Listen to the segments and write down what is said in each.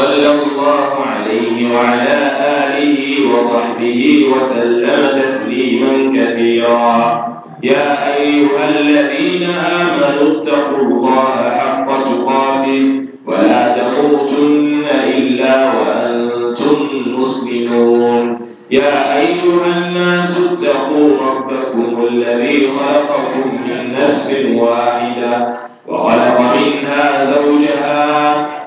صلى الله عليه وعلى آله وصحبه وسلم تسليما كثيرا يا أيها الذين آمنوا اتقوا الله حق تقاته ولا تموتن إلا وأنتم مسلمون يا أيها الناس اتقوا ربكم الذي خلقكم من نفس واحدة وخلق منها زوجها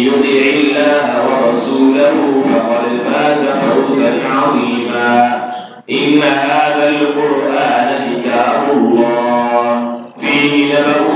يطع الله ورسوله فقد فاز فوزا عظيما إن هذا القرآن كتاب الله فيه نبأ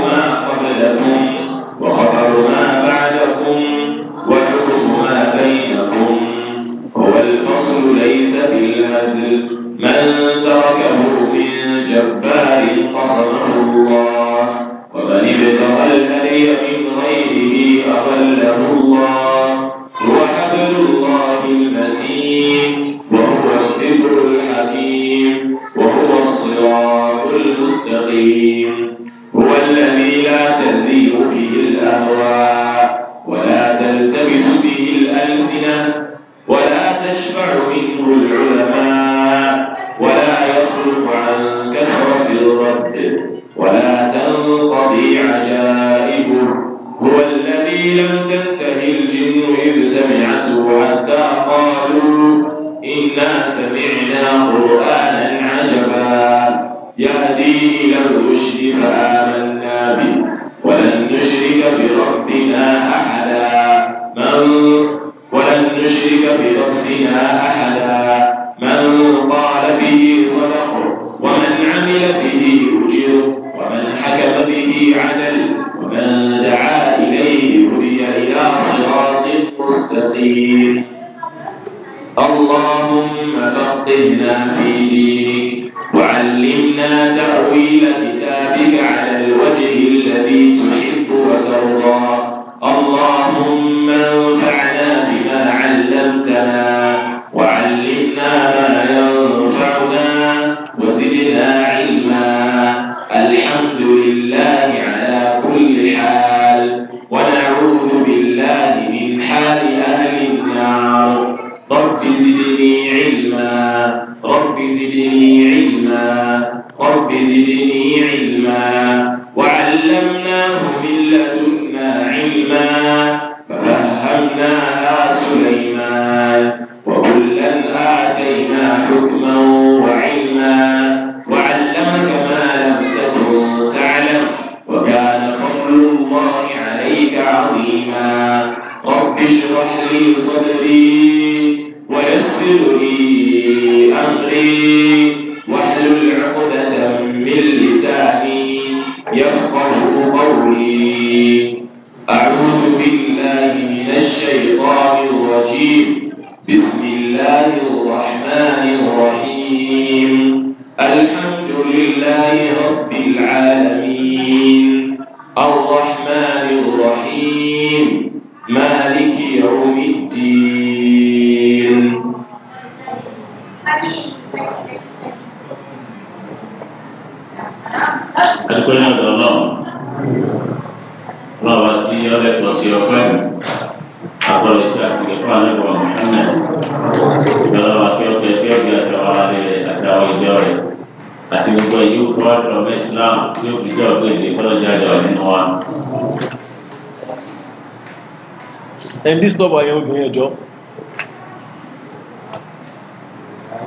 this ń disturb àyẹ̀wò obìnrin ẹ̀jọ́.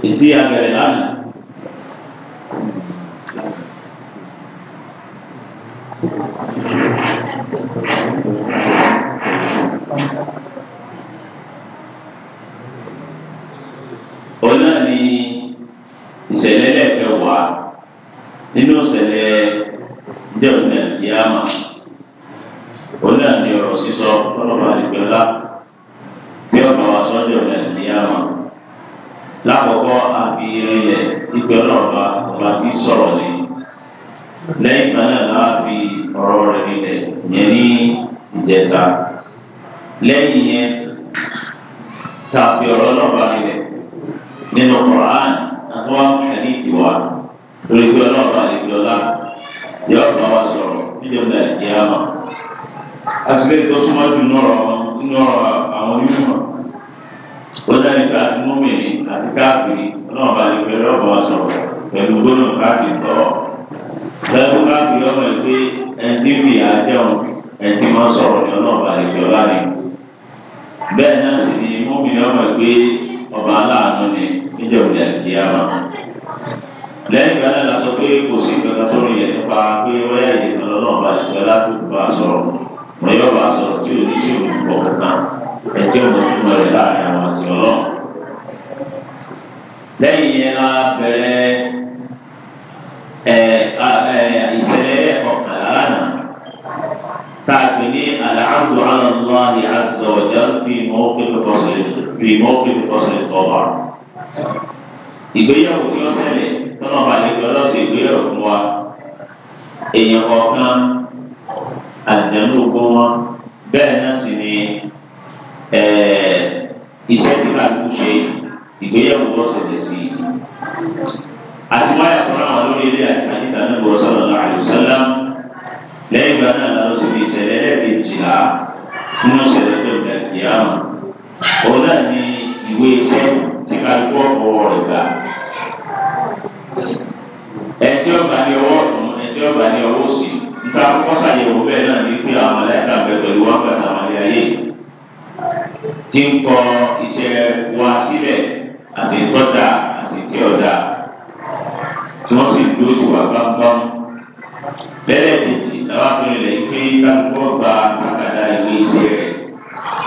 ètí àgbẹ̀rẹ̀ lánàá. nígbà tí mo mì ní àti káàkiri ọlọ́run bá lè pẹ̀lú ọ̀bọ̀n sọ̀rọ̀ pẹ̀lú gbólóhùn káàsì tọ̀ ọ́. lẹ́nu káàkiri ọmọ ẹ̀ pé ẹtí fi àjẹun ẹtí mọ́ sọ̀rọ̀ ní ọlọ́run bá lè jọ láàrin. bẹ́ẹ̀ náà sì ni mo mì ní ọmọ ẹ̀ pé ọba aláàánú ni níjọ́ ìdí àti àmà. lẹ́yìn ìgbà náà la sọ pé kò sí ìgbàgbọ́ tó rìn yẹn nípa pé wáyà ìdè ọlọ́run bá lè jọ látòkù bá sọ̀rọ̀ lẹ́yìn yẹn la bẹ̀rẹ̀ ìṣẹ̀lẹ̀ ọ̀kàlà lánàá tá a pè ní alhamdu aláǹláhi azọ̀jà fi mọ́kìlì fọ́sẹ̀lì tọ́ba. ìgbéyàwó tí wọ́n ṣẹlẹ̀ tọ́nà balẹ̀ ọlọ́sẹ̀ ìgbéyàwó fún wa èèyàn kọ̀ọ̀kan àdìyàn ló gbọ́ wọn bẹ́ẹ̀ náà sì ni iṣẹ́ tí kàlùkù ṣe yìí ìgbéyàwó bọ́ sẹ̀lẹ̀ sí i. àti wáyà kọ́ra àwọn lórí ilé àti àdìgbà náà bọ́ sọ̀rọ̀ náà àlùsálà lẹ́yìn ìgbà náà lọ sí ní ìṣẹ̀lẹ̀ ẹlẹ́ẹ̀kejìlá nínú ìṣẹ̀lẹ̀ tó ìgbà kìíyàmù. òun náà ni ìwé iṣẹ́ tí kálukú ọ̀pọ̀ rẹ̀ gbà. ẹtí ọba ní ọwọ́ ọ̀tún ẹtí ọba ní ọwọ́ òsì nta akọ́kọ́ sàyẹ̀wò bẹ́ẹ̀ náà ní pé àwọn aláìka bẹ pẹ̀lú wọn pẹ̀lú àwọn ilé ayé tí ń kọ iṣẹ́ wa sílẹ̀ àti ìtọ́jà àti tí ọ̀dà tí wọ́n sì dúró ti wà gbámgbám. lẹ́lẹ́kejì làwọn akọrin rẹ̀ pé kálukọ́ gba kàkàdá ìwé iṣẹ́ rẹ̀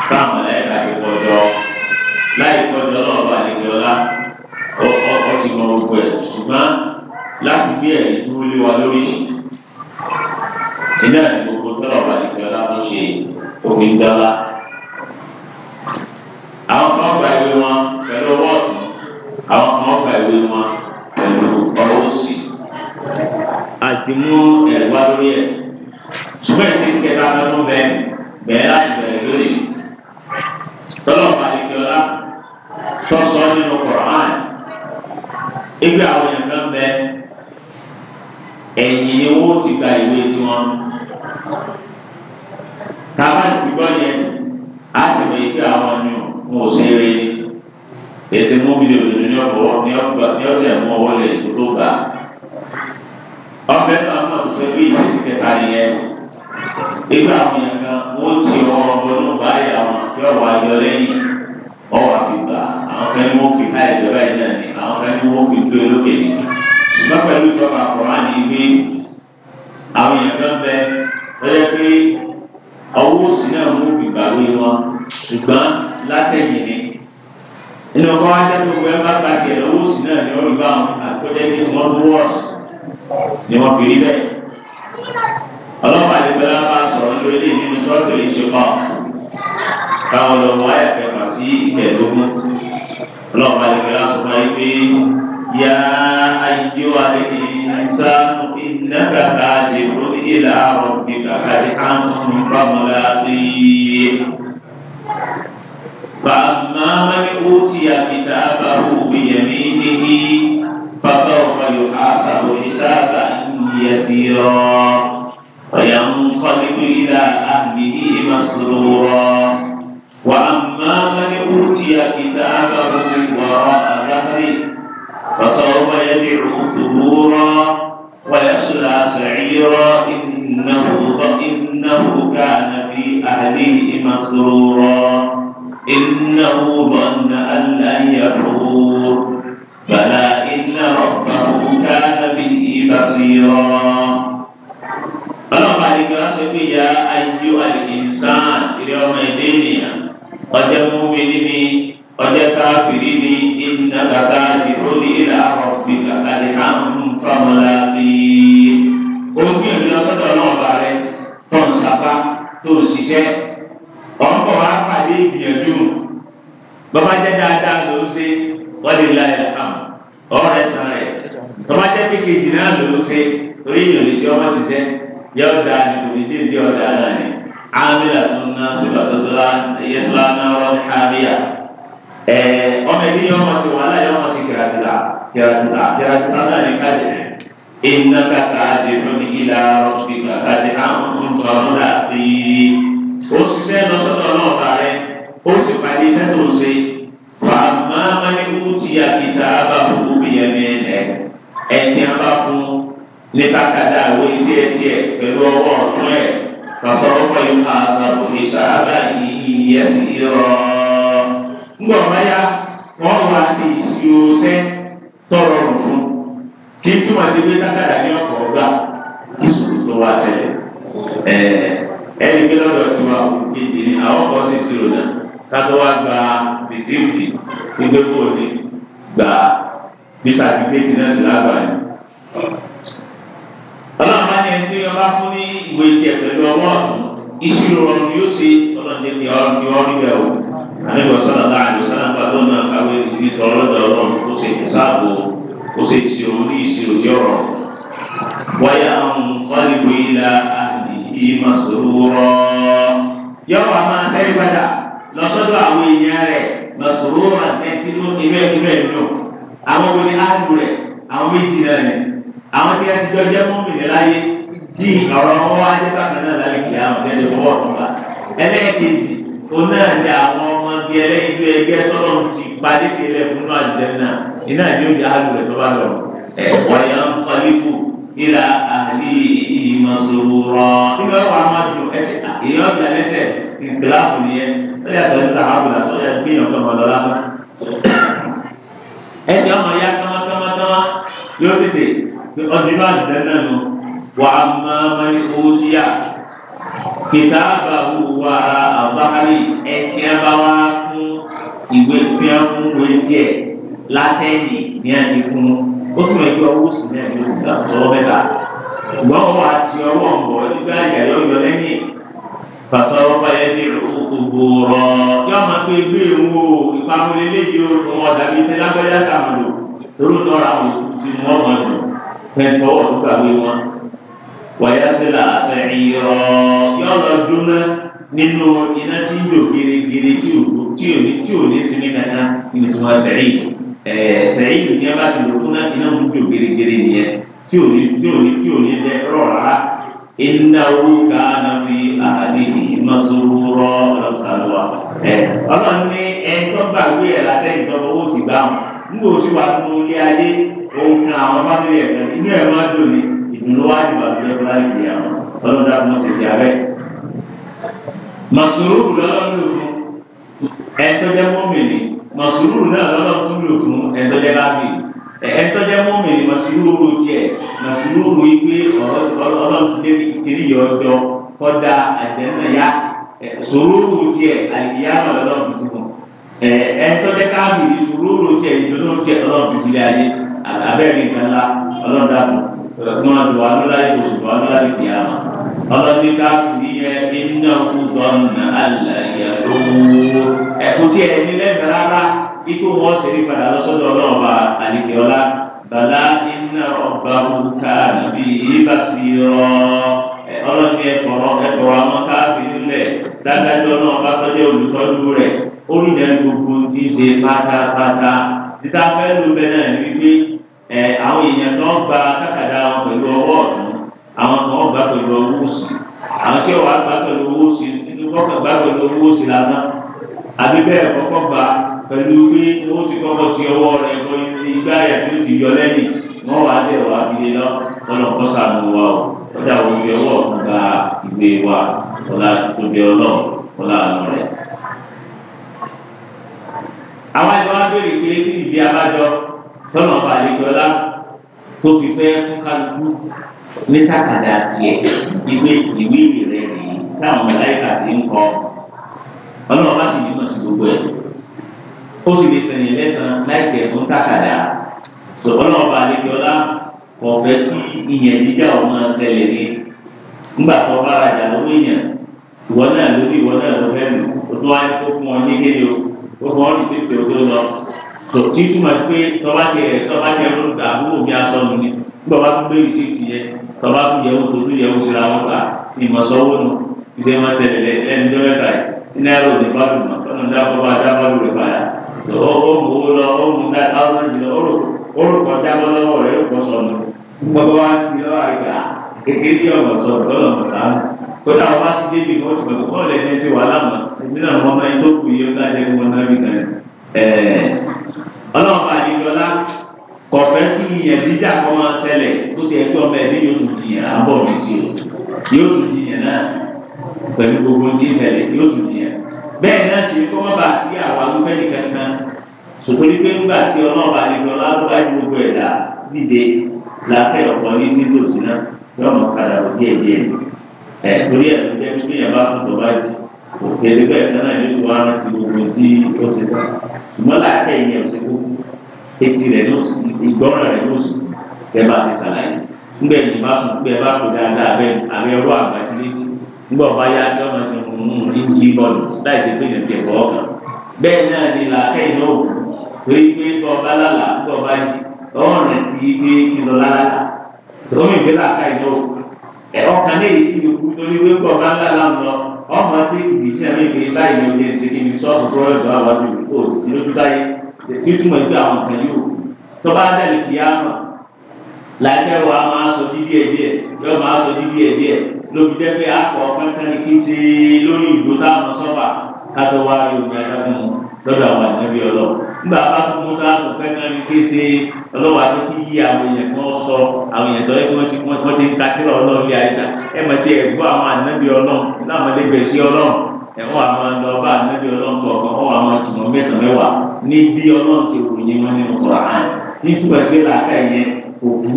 báwọn aláìka ti kọjọ́ láì kọjọ́ náà bá lè yọlá ọkọ̀ ti mọ gbogbo ẹ̀ ṣùgbọ́n láti bí ẹ̀rí dúró lé wa lórí ṣì. iná ìgbòho tọ́lọ̀ bá lè yọlá ń ṣe omi gbára. àwọn kan gba ìwé wọn pẹ̀lú ọwọ́ ọ̀tún àwọn kan gba ìwé wọn pẹ̀lú ọwọ́ òsì àti mú ẹ̀rọ wá lórí ẹ̀ ṣùgbọ́n ìṣèṣì kẹta lọ́dún bẹ́ẹ̀ bẹ́ẹ̀ láti bẹ̀rẹ̀ lórí. ìgbà àwọn yẹn kan wọ́n ti ọ̀rọ̀ ọ̀bọ̀nú báyà wọn yóò wá yọ lẹ́yìn ọwọ́ àfìgbà àwọn kan ní wọ́n fi ká ìjọba yìí náà ni àwọn kan ní wọ́n fi gbé lókè ṣùgbọ́n pẹ̀lú ìjọba àkọ́rọ́ àti ìgbé àwọn yẹn kan bẹ lọ́jọ́ pé ọwọ́ òsì náà mú ìgbà lórí wọn ṣùgbọ́n látẹ̀yìn ni nínú ọkọ̀ wájú tó gbé bá gbàtì ẹ̀ lọ́wọ́ òsì náà ni wọ́n rí bá wọn àkọ́jẹ́ ní wọ́n tó wọ́ọ̀sì ni wọ́n fi rí bẹ́ẹ̀. sọ́ọ̀tù yìí ṣe pa káwọn lọ wọ ayà kẹfà sí ìkẹẹ̀dógún ọlọ́run bá lè kẹ́ láti sọ́kọ́ yá ayé wa lè ní sánú ìnáka ká lè kó ìlà àrùn bí kàkà lè á ń fún bàmúlá léyé. فأما من أوتي كتابه بيمينه فسوف يحاسب حسابا يسيرا وينقلب إلى أهله مسرورا وأما من أوتي كتابه من وراء ظهره فسوف يدعو ثبورا ويصلى سعيرا إنه إنه كان في أهله مسرورا إنه ظن أن لن يحور فلا إن ربه كان به بصيرا ọlọ́ọ̀bá àdìgbò aṣọ pé ìyá ajú àdìgbò sáà ilé ọmọ ẹ̀dẹ́ ènìyàn ọjọ́ múmi níbi ọjọ́ káfíìrì ní ìdúná kàkà ìdúró ní ìlà ọ̀gbìn kàkà ní àmú fámọ́lá fi. ogún ẹ̀mí ọsọ́dọ̀ ọlọ́ọ̀bá rẹ tó ń sapá tó ń ṣiṣẹ́ ọ̀pọ̀ wa pàdé ìgbìyànjú bàbá jẹ́ dáadáa ló ń ṣe wọ́n lè la ẹ̀ hàn ọ̀rẹ́ sàn rẹ̀ bàbá jẹ́ kékeré jìnnà ló ń yọ ọ̀dà ni kò ní tètè ọ̀dà náà ni amílà tó ná sílọ̀ tó sọlá yẹsọlá náà rọ ní amíyà ẹ ọmọ ẹbí yọ ọmọ sí wàhálà yọ ọmọ sí kìràkìrà kìràkìrà kìràkìrà náà ní kájẹ ìnáka káàdì lónìí ìlà ọ̀bì káàdì àwọn ọ̀dọ́ àti ó ṣiṣẹ́ lọ́sọ̀tọ̀ náà rárẹ̀ ó sì parí iṣẹ́ tó ń ṣe fàmà mẹ́rin kú ti àkìtà bá fún mi yẹn mẹ́rin ẹ̀ ẹ̀ tí a bá fún nípa kàdá àwọn iṣẹ́ tiẹ̀ pẹ̀lú ọwọ́ ọ̀tún ẹ̀ lọ́sọ̀rọ̀pọ̀ yóò máa sọ̀rọ̀ ìṣàbà ìyẹ́ sí rọ̀. ńgbọ̀ báyà wọ́n wá sí ìṣiṣẹ́ tọrọ rùn fún tí túmọ̀ sí pé dákàdá ní ọkọ̀ ọ̀gá ìṣòro tó wá ṣẹlẹ̀. ẹni pé lọ́dọ̀ tí wàá wù kejì ni àwọn kan sì ṣòro náà kátó wá gba rìsíìtì gbígbé fóònù gbà bí sàtìkéjì náà sì lágbàá ọlọ́run bá ní ẹni tí ọba fún ní ìwé tiẹ̀ pẹ̀lú ọwọ́ ọ̀tún ìṣirò ọ̀run yóò ṣe ọlọ́run tètè ọ̀run ti ọ̀run bẹ̀ o àníbọ̀ sọ̀rọ̀ náà àjò sọ̀rọ̀ nípa tó náà kàwé ti tọ̀rọ̀ lọ́dọ̀ ọlọ́run kó ṣe ìsáàbò kó ṣe ìṣirò ní ìṣirò jẹ́ ọ̀rọ̀ wáyà nkọ́lìbù ilà àdì ìmọ̀sòrò yọ̀wọ̀ a máa sẹ́yìn padà lọ́sọ́dọ̀ àwọn èèyàn rẹ̀ mọ̀sòrò àti ẹtí àwọn tí a ti jọ jẹ́ mọ́mìnì láyé tí ọ̀rọ̀ wọn wá dé bákan náà lálẹ́ kìlá àwọn tẹ́lẹ̀ fọwọ́ fún wa ẹlẹ́ẹ̀kejì òun náà ni àwọn ọmọ bíi ẹlẹ́yinú ẹgbẹ́ tọ́lọ́ ti padì sílẹ̀ fún náà jẹ́ náà iná ni ó di àlù rẹ̀ tó bá lọ ẹ̀wọ̀n yẹn ń kọ́lífù ìlà àlì ìmọ̀sòrò ìlú ẹ̀wọ̀n amadu ẹ̀sẹ̀ èèyàn ọ̀gá lẹ́sẹ̀ ìgbìláàfù nìyẹn lọ́yà ọdún bá dìde náà nù wà á máa ma ní owó tí yá kìtà bá wù wà á àbáhárí ẹtì ẹ bá wá fún ìwé fi hàn fún orí tiẹ̀ látẹ́ẹ̀nì ní àti fún ó tún ẹgbẹ́ owó sí ní ẹgbẹ́ òkúta tọ́wọ́ mẹ́ta ṣùgbọ́n wọn àti ọwọ́ ń bọ̀ nígbà ìyá yọ̀yọ̀ lẹ́yìn fasọ̀rọ̀ báyẹn ní òkòkò rọ̀ yóò máa pé gbé ìwò ìpamọ́ eléyìí ó tún ọ̀dà bíi tẹ́lágbẹ́yà tàmùlò torí ó tọ́ra àwọn tí wọ́n mọ̀ ọ́ fẹ̀fọ́ ọ̀dùkàwé wọn wàyà sílà àṣẹ ìyọ̀ yọ̀lọ̀ dúná nínú iná tí ń lò gírígírí tí ò tí ò tí ò sinmi kankan nínú tí wọn sẹ̀yìn sẹ̀yìn tí wọn bá ti lò fún iná ń lò gírígírí nìyẹn tí ò tí ò ní tí ò ní bẹ rọra ìnáwó gánà fi àhàdé ìmọ̀sowóró ọ̀sánwó ẹ ọlọ́run ní ẹjọ́ ẹ̀ látẹ́yìn tó òun kan àwọn fámìlì ẹ̀ kan inú ẹ̀ máa dùn ní ìdùnnú wá ìgbà tó yẹ fúláì kì í àwọn ọlọ́run dá mọ́ sí ti abẹ́. màsùrù lọ́lọ́run lò fún ẹ̀ńtọ́jẹ́ mọ́mìnì màsùrù náà lọ́lọ́run lò fún ẹ̀ńtọ́jẹ́ lábì ẹ̀ńtọ́jẹ́ mọ́mìnì màsùrù owó tiẹ̀ màsùrù owó igbe ọlọ́run ti dé ìkiri yọ ọjọ́ kọ́dà àjẹ́nàyà sòrò owó tiẹ̀ àyíyá ọlọ́run ti fún ẹ̀ńtọ́jẹ́ káàbì sòrò ayé àbẹ́rẹ́ nǹkan ńlá ọlọ́dàbọ̀ ọ̀gbọ́n àdùwà lọ́láyé oṣù wà lọ́láyé ti àmà ọlọ́dún ká fi yẹ iná kúndọ̀nà àlàyé lówó ẹ̀kú tí ẹ̀ ní lẹ́bẹ̀ẹ́ rárá ikú wọn ṣe ní padà lọ́sọ́dọ̀ ọlọ́ọ̀bà àlìkẹ́ọ́lá bàlá iná ọba òkà nàbí ìbásí rọ ọlọ́dún ẹ̀kọ́rọ́ ẹ̀kọ́rọ́ àwọn káàbìrì lẹ̀ dáadáa ọlọ́ọ̀bá tọ́jú olùtọ́jú rẹ̀ olùdarí gbogbo ti ṣe pátápátá títà fẹ́ ló bẹ náà ní wípé ẹ àwọn èèyàn tó ń gba kákàdá wọn pẹ̀lú ọwọ́ ọ̀tún àwọn kan gbà pẹ̀lú owó òsì àwọn tí wàá gbà pẹ̀lú owó òsì nínú kọ́kàn gbà pẹ̀lú owó òsì lánàá àbí bẹ́ẹ̀ kọ́kọ́ gbà pẹ̀lú pé owó ti kọ́kọ́ ti ọwọ́ rẹ̀ kọ́ igbá yà tó ti yọ lẹ́yìn wọ́n wàá tẹ̀ wá fi lé lọ ọlọ́kọ́ sàmù wa o ọjà òun fi ọwọ́ ọ̀tún gba ìgbé wa ọlá tó bẹ ọlọ́ọ̀ ọlá àánú rẹ̀ àwọn àjọ wa béèrè pé kí nìdí abájọ tọ́nà ọba àlejòọlá tó fi fẹ́ fún kálukú ní tàkàdá tiẹ̀ ìwé ìwé rẹ̀ rèé táwọn ọ̀láyìká ti ń kọ́ ọlọ́run bá sì nímọ̀ sí gbogbo ẹ̀ ó sì lè sẹ̀yìn lẹ́sàn-án láì tiẹ̀ fún tàkàdá ọlọ́run ọba àlejòọlá kò fẹ́ kí ìyẹn jíjà ọmọ ṣẹlẹ̀ ní nígbà tó bá rajà lọ́wọ́ èèyàn ìwọ náà lórí ìwọ náà lọ́fẹ́ gbogbo wọn ti tètè o tó lọ tó tí túmọ̀ sí pé tọ́ba tiẹ̀ tọ́ba tiẹ̀ ló ń ta àbúrò bí aṣọ mi ni gbọ́ bá tún gbèrè sí ti yẹ tọ́ba tún yẹ wọ́n tó tún yẹ wọ́n ti ra wọn ká ìmọ̀sọ́wọ́ nù ìṣe wọn ṣẹlẹ̀ lẹ́nu dọ́lẹ́ta yìí náírà ò ní bá dùn mọ́ ọ̀nà dábọ̀ bá dábọ̀ lórí padà tó ó mú o lọ ó mú dá táwọn sì lọ ó rò kọ́ dábọ̀ lọ́wọ́ rẹ̀ ó kọ́ sọ̀nù gbọ́dọ̀ wá sí lọ́wọ́ àgbà kékeré ọ̀mọ̀sọ̀ lọ́lọ́mọ̀sánù kódà wọn bá ti débi wọn ti gbàgbọ́ bọ́ọ̀lù ẹni ti wà láwọn nínú àwọn ọmọ ẹni tó kù yìí ó dájẹ́ kí wọ́n náà bí kan ẹ̀ ọlọ́run bá yí lọ́lá kọ̀fẹ́ kí ìyẹn jíjà kọ́ máa ṣẹlẹ̀ bó ti yẹ kí ọmọ ẹni yóò tún jiyàn àbọ̀ mi sí o yóò tún jiyàn náà pẹ̀lú gbogbo tí ń ṣẹlẹ̀ yóò tún jiyàn bẹ́ẹ̀ náà sì kọ́ má bàa sí àwọn agbẹ́ nìkan kan sòkòlì pé ńgbà tí ọlọ́run bá yí lọ́lá ló bá yí gbogbo ẹ̀dá dìde láfẹ́ ọ̀pọ̀ ní sí tòsí náà yọ̀ọ̀mọ̀ kadà òkè ẹ torí ẹ ló jẹ́ pé yàrá fún tọ́ba jì òkèlè bẹ́ẹ̀ náà yóò tó ara ti gbogbo tí ó ṣe tán ṣùgbọ́n láàkẹ́ yìí ẹ̀ ṣe kó etí rẹ̀ ló sùn ìgbọ́ràn rẹ̀ ló sùn bẹ́ẹ̀ bá ti ṣàlàyé ńgbẹ́ ní bá sùn bẹ́ẹ̀ bá kó dáadáa abẹ́ abẹ́ ọwọ́ àgbàjì létí ńgbọ́ bá yá kí ọmọ ṣe fún un ìjì bọ́ọ̀lù láì ṣe pé yẹn ti ẹ̀kọ́ bẹ́ẹ̀ náà ni làákẹ́ yìí náà torí pé bọ́ọ̀bá lálà bọ́ọ̀bá jì ọ̀rẹ́ ti gbé kí lọ lálà tòmí ìgbé làákẹ́ yìí náà ọ̀kan lè yí torí pé pọ̀ bá ńlá là ń lọ ọmọ tí ìdí tí ẹ̀mí ìgbé báyìí ló dé ṣe kí ni sọ́ọ̀bù bọ́ọ̀lù àwọn ọdún kò sí lójú báyìí tí túmọ̀ ìgbé àwọn nǹkan yìí ò tó bá dẹ̀ kí á mọ̀ làjẹ́ wa máa sọ dídí ẹ̀ díẹ̀ yọ máa sọ dídí ẹ̀ díẹ̀ lóbi jẹ́ pé akọ̀ pẹ́ńtẹ́ni kí ṣe lórí ìgbó táwọn sọ́ba kátó wá rí omi lọ́dọ̀ àwọn ànábì ọlọ́ nígbà bá tún mú dáàbò fẹ́ẹ́ ní kí ṣe ọlọ́wà tó kí yí àwọn èèyàn kan sọ àwọn èèyàn tó yẹ kí wọ́n ti wọ́n ti ń ka tírà ọlọ́run lé ayé náà ẹ mọ̀ sí ẹ̀gbọ́n àwọn ànábì ọlọ́run láwọn ẹgbẹ́ sí ọlọ́run ẹ̀wọ́n àwọn ọlọ́ba ànábì ọlọ́run kọ̀ọ̀kan ọ̀wọ́ àwọn ìtumọ̀ mẹ́sàn-án mẹ́wàá ní bí ọlọ́run ṣe ròyìn wọn nínú Kùránì títúbọ̀ sí làákà yẹn òkú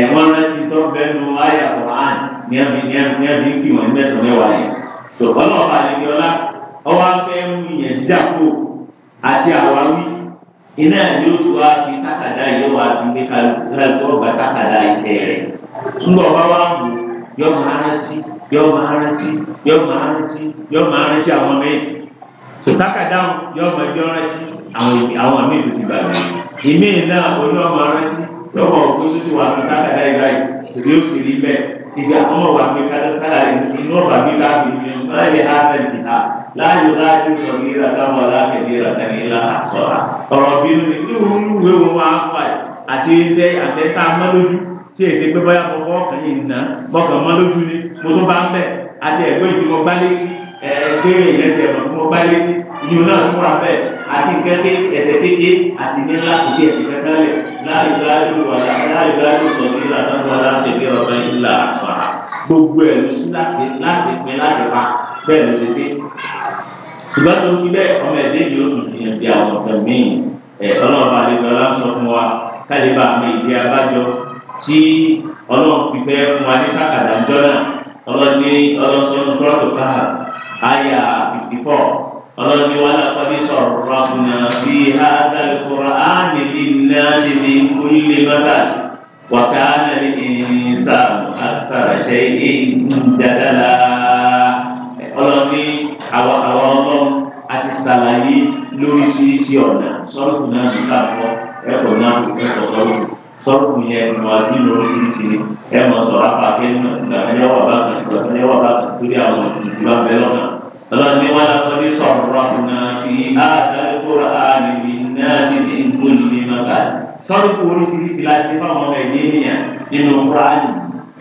ẹ̀wọ́n rántí tó bẹnu àyà àti àwáwí iná ni ó tún wá fi tákàdá yìí wá fi ní kálukú ọgbà tákàdá iṣẹ́ rẹ̀ ńgbọ bá wà mú yọ máa rántí yọ máa rántí yọ máa rántí yọ máa rántí àwọn mẹ́rin tó tákàdá yọ máa yọ rántí àwọn mẹ́rin tó ti bàjẹ́ ìmí náà oní ọmọ rántí lọ́wọ́ òkú tó ti wà fi tákàdá yìí báyìí tòbí ó sì rí bẹ́ẹ̀ ìgbà ọmọ wà fi kálukú inú ọgbà mi láàbì ní ọmọ ẹ̀ láàyò láti sọ ní ìrànlọ́wọ́ aláàkẹ́dẹ́ ìrànlọ́wọ́ ìlà àṣọra ọ̀rọ̀ bí omi tí òun lúwe wọn wá pa ẹ̀ àti ilé àtẹ́tà mọ́lójú tí èsì pé báyà bọ́kọ́ ọkàn yìí nà bọ́kàn mọ́lójú ni mo tún bá ń bẹ̀ àti ẹ̀gbẹ́ ìdìbò gbá létí ẹ̀ẹ́dẹ́rẹ́ ìrẹsẹ̀ ọ̀nà tí mo gbá létí ìdìbò náà tún wà bẹ́ẹ̀ àti kẹ́kẹ́ ẹsẹ̀ kéke àti nílá ìdí ẹ̀sìn kẹ́kẹ́ lẹ̀ láàyè láàyè ṣùgbọ́n tó ti bẹ́ẹ̀ ọmọ ẹ̀dẹ́ yìí ó tún fi hàn bí àwọn ọ̀tẹ̀ míì ẹ̀ ọlọ́ọ̀bá adébọlá sọ fún wa kálíbà mi ìdí abájọ tí ọlọ́run fi fẹ́ fún wa ní kàkàdà ńjọ́ náà ọlọ́ni ọlọ́sọ̀rọ̀ sọ́ọ̀tù káà àyà fifty four ọlọ́ni wà lápẹ́bí sọ̀rọ̀ rọ̀kùnà bí ádàlùkọ́rọ̀ ánìlì náà ti ní kúlẹ̀ mọ́tà wàkàánà ní ìsàmù àtàràṣẹ́ ìdàdàlà àwa àwa ọlọ́run a ti ṣàlàyé lóríṣiríṣi ọ̀nà sọ́ọ̀kù náà ní káàkọ́ ẹ̀kọ́ náà kò kẹ́kọ̀ọ́ sọ́ọ̀kù sọ́ọ̀kù yẹn ni wọ́n ti lóríṣiríṣi ni ẹ mọ̀ sọ̀rọ̀ apàkẹ́ ìgbàlẹ́wà bá kan ìgbàlẹ́wà bá kan torí àwọn ìgbà bẹ́ẹ̀ lọ́nà. رب ولقد صرفنا في هذا القرآن للناس من كل مكان صرف oríṣiríṣi láti fún àwọn ọmọ ẹ̀dẹ́ ènìyàn nínú kúránì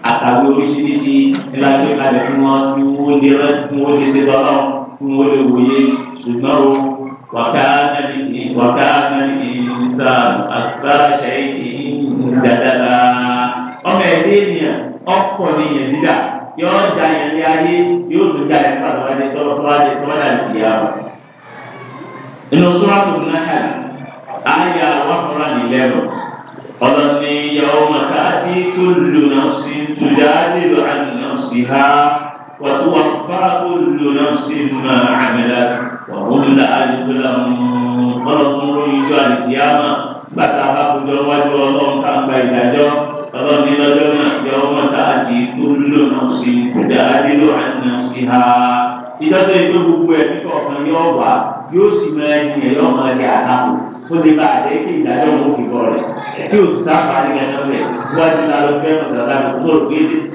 àtàwé oríṣiríṣi láti kalẹ̀ fún wọn kí wọ́n lè rántí fún wọn lè ṣe lọ́lọ́run fún wọlé wòye ṣùgbọ́n o wàká nàní wàká nàní ìsà àgbàṣẹ ìdàdàdà ọmọ ẹ̀dẹ́ ènìyàn ọkọ̀ nìyẹn dídà yóò da yẹn ní ayé yóò tún da yẹn fún àtàwọn ẹ̀dẹ́ tọ́wọ́ tọ́wọ́ ẹ̀dẹ́ tọ́wọ́ náà lè wa. inú sọ́wọ́tò náà àyà wàkúrà nílẹ̀ lọ ọlọ́ni yàwó màtá àti kúlù náà sí tùdá lílo àdùnnà sí ha. وتوفى كل نفس ما عملت وهم لا يظلمون قلبهم يجوا القيامة bàtà àbákùjọ wájú ọlọ́run tá a gba ìdájọ́ ọlọ́run ní lọ́jọ́ náà jẹ́ ọmọ tá a ti tó lílo náà sí kódà lílo àná sí ha. ìdájọ́ ìlú gbogbo ẹ̀ nípa ọ̀kan yóò wá yóò sì máa yìn ẹ̀ yóò máa ṣe àtàkùn ó lè bá àjẹ́ kí ìdájọ́ òun fi kọ́ rẹ̀ tí o sì sábà ní ẹ̀rọ rẹ̀ wọ́n ti ta lọ fẹ́ràn ìdájọ́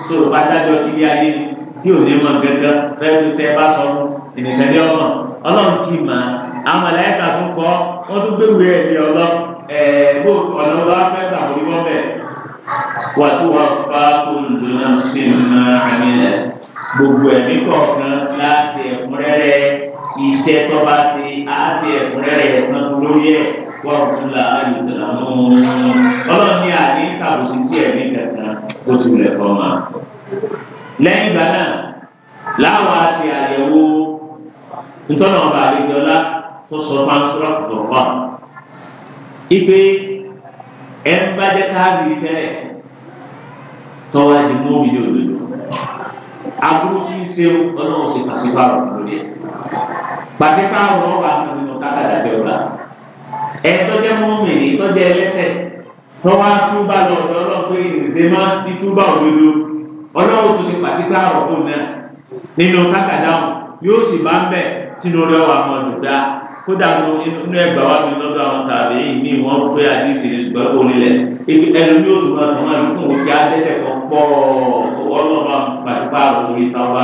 tó o bá dájọ́ ti ní ayé ni tí ò ní mọ̀ gẹ́gẹ́ fẹ́ẹ́ tẹ́ bá sọ fún ìnìkẹ́lẹ́ ọmọ ọlọ́run ti mà á àwọn màláíkà tún kọ́ wọ́n tún gbé wíwẹ́ ẹ̀mí ọlọ́ ẹ̀ẹ́dó ọ̀nà wa fẹ́ tàbí wọ́n bẹ̀. wà tó wà fà tó ń dùn náà sí máa àmì rẹ̀ gbogbo ẹ̀mí kọ̀ọ̀kan láti ẹ̀kúnrẹ́rẹ́ iṣẹ́ tó bá ti àti ẹ̀kúnrẹ́rẹ́ ẹ̀sán lórí ẹ̀ wọ́n tún là á lè tẹ̀lé àwọn ọlọ́run ní àdé ìṣàbòsí sí ẹ̀mí kankan ó ti rẹ̀ fọ́ máa lẹ́yìn ìgbà náà láwọn àti àyẹ̀wò ntọ́nà ọba àlejòlá tó sọ máa ń sọ́ra kùtù ọ̀pá ipe ẹ̀ ń bá jẹ́ káàdì tẹ́lẹ̀ tọ́wá di mú mi lòdò aburú tí ń ṣe ọlọ́run ṣe pàṣípààrọ̀ lórí ẹ̀ pàṣípààrọ̀ ọba nínú kátàdá jẹ́ ọba ẹ̀ tọ́jẹ́ mú mi ní tọ́jẹ́ ẹlẹ́sẹ̀ tọ́wá túbà lọ́dọ̀ ọlọ́pẹ́ ìrìnsẹ̀ máa ń túbà òdodo ọlọ́run tó ṣe pàṣípà àròkù náà nínú kákàdá yóò sì bá ń bẹ̀ sínú orí ọwọ́ àwọn olùdá kódà inú ẹgbà wa mi lọ́dọ̀ àwọn tàbí yìí ní wọ́n pé àdìsí ní ṣùgbọ́n kò nílẹ̀ ebi ẹnu yóò tó máa tọ́wọ́n àdúgbò wò kí adẹ́sẹ̀ kan pọ̀ ọlọ́ba pàṣípà àròkù yìí táwa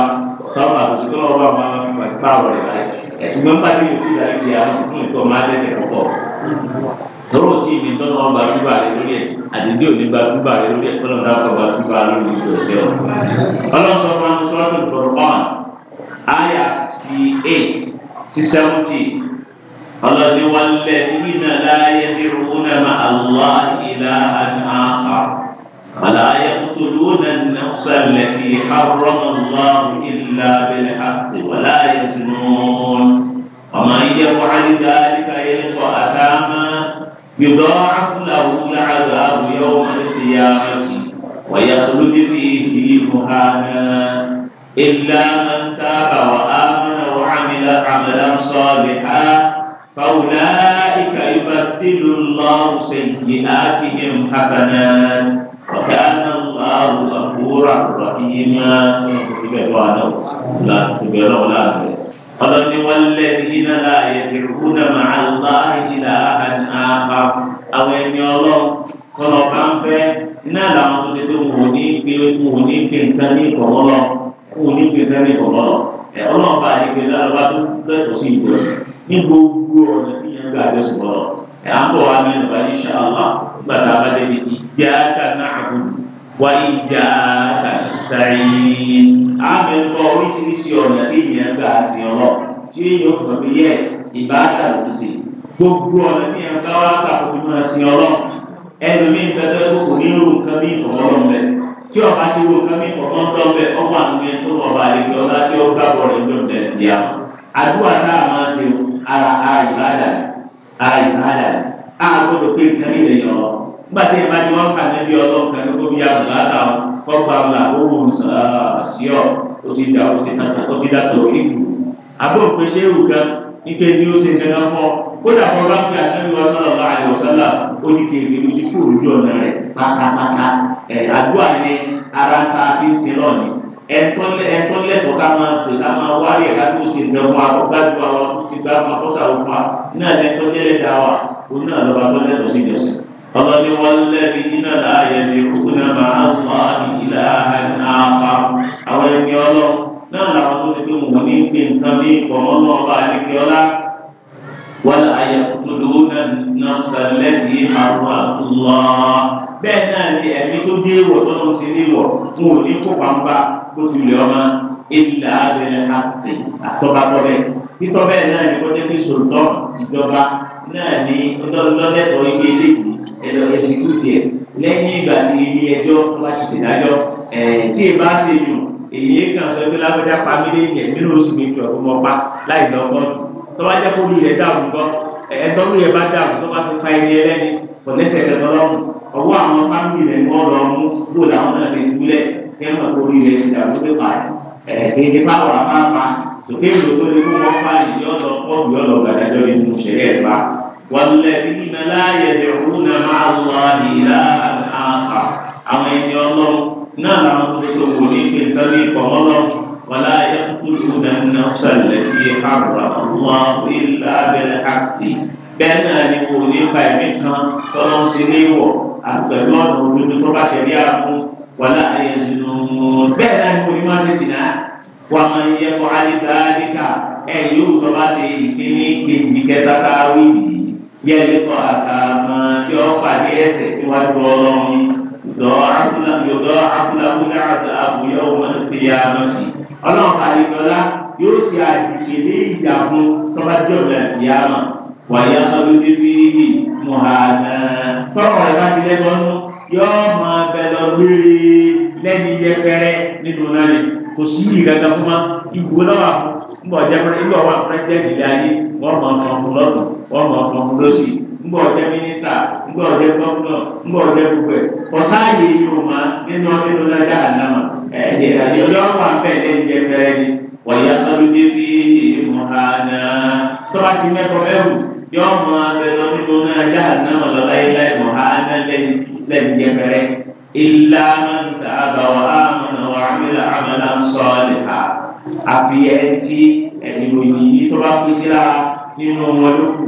táwa àtúnṣe tó lọ́ba máa pàṣípà àròkù rẹ̀ láì ẹ̀sùn mẹ́fà tí yóò ti ìyá àwọn ìtọ́ máa dẹ́sẹ̀ kan tọrọ tí mi tọ́ náà gbajúbà rẹ lórí ẹ̀ àdìdí òní gbajúbà rẹ lórí ẹ̀ kọ́lọ́ náà kọ́ gbajúbà lórí ìlú ọ̀sẹ̀ ọ̀. ọlọ́sọ máa ń sọ́ọ́dù fọ̀rọ̀mọ́n àyà sixty eight sí seventy ọlọ́ni wọn lẹ̀ nínú aláyẹ bí rúnà mà àlọ́ ìlà àdáhà àláyẹ kútùlù náà nàfṣà lẹ́kì àrọ́mọ̀lá ìlà bẹ̀rẹ̀ àti wàláyẹ tìǹbù ọmọ ìyẹ̀wò àdìdá àdìdá yẹn kọ́ àdáhà يضاعف له العذاب يوم القيامة ويخلد فيه مهانا إلا من تاب وآمن وعمل عملا صالحا فأولئك يبدل الله سيئاتهم حسنات وكان الله غفورا رحيما لا تكبر ولا تكبر ọlọ́ni wọn lé iná la ẹ̀yẹ̀dẹ̀ kúnà máa lọ ìlà àhànàkà àwọn ẹni ọlọ́run kọ́nà bá ń fẹ́ iná làwọn tó ti tó wò ní pé wò ní pé nǹkan ní ìkọ̀kọ́ lọ wò ní pé nǹkan ní ìkọ̀kọ́ lọ ẹ̀ ọlọ́run bá yẹ pé lọ́wọ́ tó lẹ́tọ̀ọ́ sí ìgbésẹ̀ ní gbogbo ọ̀nà tí yẹn gbà dé sùn lọ ẹ̀ à ń bọ̀ wá ní ìbáyé ṣáà wà gbàdá abájẹ́ ní ìjà sẹ́yìn. Àmì ń kọ oríṣiríṣi ọ̀nà tí ìyẹn gbà sí ọ̀rọ̀ tí yóò fọ̀ mí yẹ ìbáàdà ló ṣe. Gbogbo ọ̀nà tí ìyẹn gbà wá kàkó fi máa sí ọ̀rọ̀. Ẹnu mi ń bẹ́tẹ́ kó kò ní irú nǹkan bí ìfọ̀mọ́lọ́ ń bẹ. Tí ọba ti wo nǹkan bí ìfọ̀mọ́lọ́ ń bẹ, ọgbà mi tó ọba àlejò ọlá tí ó gbàgbọ́ rẹ̀ ló ń bẹ̀ díà. Àdúrà náà máa ṣe ara àìbáàdà àìbáàdà àgbọ̀dọ̀ pé kọ́ba làwọn ṣíọ ó ti dà ó ti tàtà ó ti dàtọ̀ ìlú. àbúrò pé ṣé ewu kan ike ni ó ṣe kankan fọ kódà kọ́ bá fi àtẹ́wé wa sọ̀rọ̀ bá àyè ọ̀sálà ó ní kéèké ló ti kú òjú ọ̀nà rẹ̀ pátápátá ẹ̀ àdúrà ni ara ń ta fi ń sin náà ni ẹ̀tọ́ lẹ́tọ̀ọ́ ká máa tẹ̀ ká máa wáyé ká tó ṣe ìdánwò àkọ́gbájú àwọn tó ti gbá àwọn akọ́sàwọ́ fún wa náà lẹ́tọ́ jẹ́lẹ̀ dá wa òun náà lọ́ba tó lẹ́tọ̀ọ́ sí ìjọsìn ọlọ́ni wọn lẹ́bi nínú láàyè ní kúkúnà máa ń wá ìlà àpá àwọn ẹni ọlọ́ náà làwọn tó ti fi mú ní pé nǹkan bí ìpọ̀mọ́ náà bá a ní kí ọlá wọn láàyè kúkúdùú náà sọlẹ̀ ní àwọn àtúwọ́ bẹ́ẹ̀ náà ni ẹ̀mí tó dé wọ̀ tó ń sin níwọ̀ fún òní kó pàmpá tó ti lè ọmọ ìlà abẹ́rẹ́ àtọ́bátọ́bẹ́ títọ́bẹ́ náà ni kọ́jẹ́ kí sòtọ́ ìjọba náà ni lọ́lẹ́tọ̀ọ́ ilé ilé yìí ẹ̀dọ̀ ẹ̀sìkútì ẹ̀ lẹ́yìn ìgbà tí ilé ẹjọ́ wá ti ṣèdájọ́ ẹ̀ tí ì bá ṣe yùn èyí kan sọ pé lágbájá pa mí lẹ́yìn ẹ̀ nínú oṣù mi jọ̀ọ́ mọ́ pa láì lọ́gbọ́n tọ́wá jẹ́ kó mi rẹ̀ dààmú gbọ́ ẹ̀tọ́ mi rẹ̀ bá dààmú tọ́wá ti pa ẹni ẹlẹ́ni kò lẹ́sẹ̀ kẹtọ́ lọ́rùn ọwọ́ àwọn fámìlì rẹ̀ ń wọ́n lọ mú bó làwọn náà ṣe ń gúlẹ̀ sókè ìlú tó lè kó wọn fáyì ní ọ̀dọ̀ pọ́ọ̀bù ọ̀dọ̀ gbàdájọ́ nínú ṣẹlẹ̀ ẹ̀fà wọlé ní nàláyé ẹ̀rú nà máa lọ ìlà àkà àwọn ẹni ọlọ́run náà làwọn tó tó wò ní pé nǹkan bí ìkọ̀ ọlọ́run wọlé ayé kúkúrú nà nà sàlẹ̀ sí àbúrà wọn ìlà abẹ́rẹ́ àti bẹ́ẹ̀ náà ni wò ní bàbí kan tọ́lọ́ sí ní ìwọ̀ àgbẹ̀lú ọ̀nà òdodo tó bá ṣẹlẹ̀ àmú wọlé ayé zinú bẹ́ẹ̀ náà ni wò ní wọ́n ti sìn náà. ومن يفعل ذلك أن يوضع سيكني كنت كتتاوي يلقى كما يوقع ليسك والظلم يضاعف له يضاعف له العذاب يوم القيامة الله تعالى yóò ṣe àdìgbè ní ìjà fún tọ́bájọ́bẹ̀ ìyáàmà wàyà olùdíbíyì mùhàdà tọ́kọ̀ ẹ̀ka ti lẹ́gbọ́nú yóò máa bẹ̀ lọ lórí lẹ́ni yẹpẹrẹ nínú náà kò sí yìí gàgà fún ma ìgbò lọ́wọ́ ńgbọ̀ jẹ́pẹ́rẹ́ ńgbọ̀ wà pẹ́jẹ́ ìlẹ̀ ayé wọ́n mọ̀ ọ̀kan fún lọ́dún wọ́n mọ̀ ọ̀kan fún lọ́sì ńgbọ̀ jẹ́ mínísítà ńgbọ̀ jẹ́ gọ́fúnọ̀ ńgbọ̀ jẹ́ gbogbo ẹ̀ kọ̀sáàyè yóò má nínú nínú lájà àdámà ẹ̀ẹ́dẹ̀ àyọ̀yọ̀ wà bẹ́ẹ̀ lẹ́yìn jẹ́pẹ́rẹ́ ni wàyà sọ́dúndé fi mọ̀hánà tọ́ba ti mẹ́kọ̀ ẹ̀rù yọ̀ọ́ mọ̀ abẹ́ lọ́dún nínú إلا من تاب وآمن وعمل عملا صالحا أبيتي أبيوني تبقسلا nínú wọn ló kù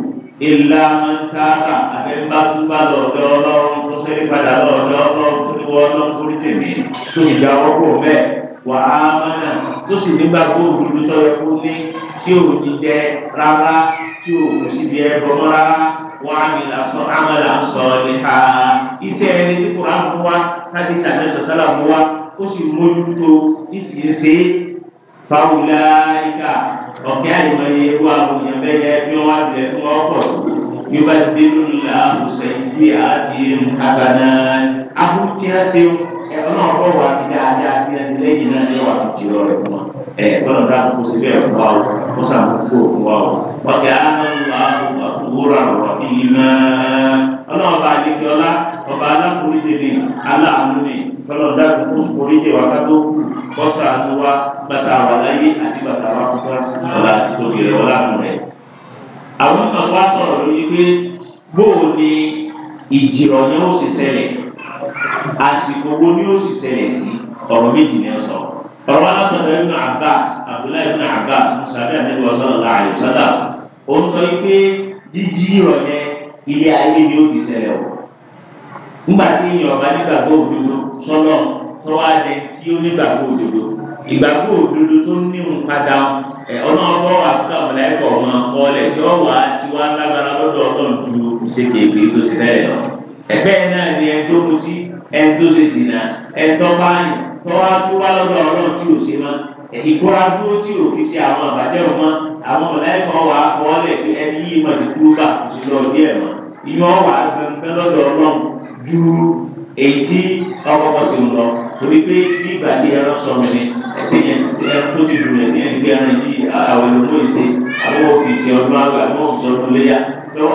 ìlà mọ́tàkà àfẹ́ńbàtúbà lọ́dọ̀ ọlọ́run tó ṣe padà lọ́dọ̀ ọlọ́run tó ní wọ́n lọ́n kórí tèmi tó ìjà ọkọ̀ bẹ́ẹ̀ wà á mọ́nà tó sì nígbà gbóògùn tó tọ́ ẹkú ní tí ò ní jẹ rárá tí ò kò síbi ẹbọ mọ́ rárá wàhálà sọ amala sọlíha iṣẹ́ ẹni tí kura mú wa káàdì sàdé sọsálà mú wa ó sì mójútó ìṣiṣẹ fáwùlà ìka ọkẹ àyẹ̀wò yẹn wà wọnyẹn bẹ yẹ bí wọn bẹ fún ọkọ yóò bá dé lóla ọsẹ ìdí àti hasana abúlé tí a ṣe ẹ ọ náà kọ wà fi dáadáa tí a lẹ́yìn náà ṣe wà fi tì lọrẹ fún wa ẹ gbọ́dọ̀ dá kó síbẹ̀ a wa o kó sàmúkó fún wa o wọ́kẹ́ aláwọ̀ àwọn àkúrò àrọ̀ ìmọ̀ ọlọ́run bá di kí ọlá ọba alákòóso ni aláàánú ni gbọ́dọ̀ dá kó orí jẹ wákàtó kọ́sà ló wá bàtà wà a àti bàtà wà kúta ọ̀la àti tòkè rẹ̀ ọ̀la nù rẹ̀. àwọn kan a sọ̀rọ̀ lórí pé bóò ni ìjìrọ̀ ni ó sì ṣẹlẹ̀ àsìkò wo ni ó sì ṣẹlẹ̀ sí ọ̀rọ̀ méjì ni ó sọ̀rọ̀ ọ̀rọ̀ alátọ̀dọ̀ ibùn abbas abdullahi ibùn abbas musabi anabi sallallahu alaihi wasallam ó ń sọ pé jíjí ìrọ̀lẹ́ ilé ayé ni ó ti ṣẹlẹ̀ o nígbà tí yorùbá nígbàgbọ́ òdodo sọ́nà tó wá lẹ tí ó nígbàgbọ́ òdodo ìgbàgbọ́ òdodo tó ní nǹkadà ọlọ́wọ́ àfúrà ọ̀la ẹ̀kọ́ ọmọ ọlẹ̀ yọ wá tí wá lágbára lọ́dọ̀ ọlọ́run ju ìṣègbègbè tó ṣe bẹ́ẹ̀ lọ ẹgbẹ́ náà ni ẹni tọ́wá tó wá lọ́dọ̀ ọlọ́run tí ò ṣe mọ́ ìkóra dúró tí ò fi ṣe àwọn àbájẹ́ ò mọ́ àwọn mọ̀láìkọ̀ wà á kọ́ ọ́lẹ̀ pé ẹni yìí mọ̀ ti kúrú bá kò sí lọ díẹ̀ mọ́ ìyọ́ wà á gbẹ̀ǹgbẹ́ lọ́dọ̀ ọlọ́run ju èyí tí ọkọ̀ sì ń lọ torí pé nígbà tí ẹran sọ̀rọ̀ ni ẹgbẹ́ yẹn ẹran tó ti dùn ní ẹni pé ẹran yìí àwọn olùkọ́ a tó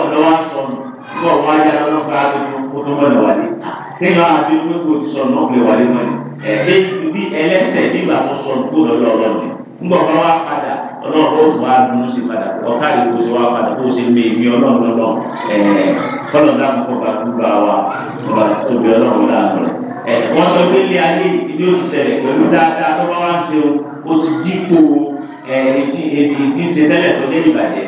ah, tó ẹsẹ ibi ẹlẹsẹ nígbà wọn sọ ọdún kúrò lọ́dọ̀ Ọlọ́run ńgbà ọba wa padà Ọlọ́run ó tún wá dunu sí padà ọkà ìlú sí wa padà kó o ṣe mé ibi Ọlọ́run lọlọ ẹ kọlọ náà kó bá dúró àwa ọba tóbi Ọlọ́run láàánú rẹ ẹ wọn sọ pé ilé ayé ilé ó ti ṣẹlẹ̀ pẹ̀lú dáadáa tó bá wá ń ṣe o ó ti dípò ẹ etí etí tí ń ṣe tẹ́lẹ̀ tó lé ìbàjẹ́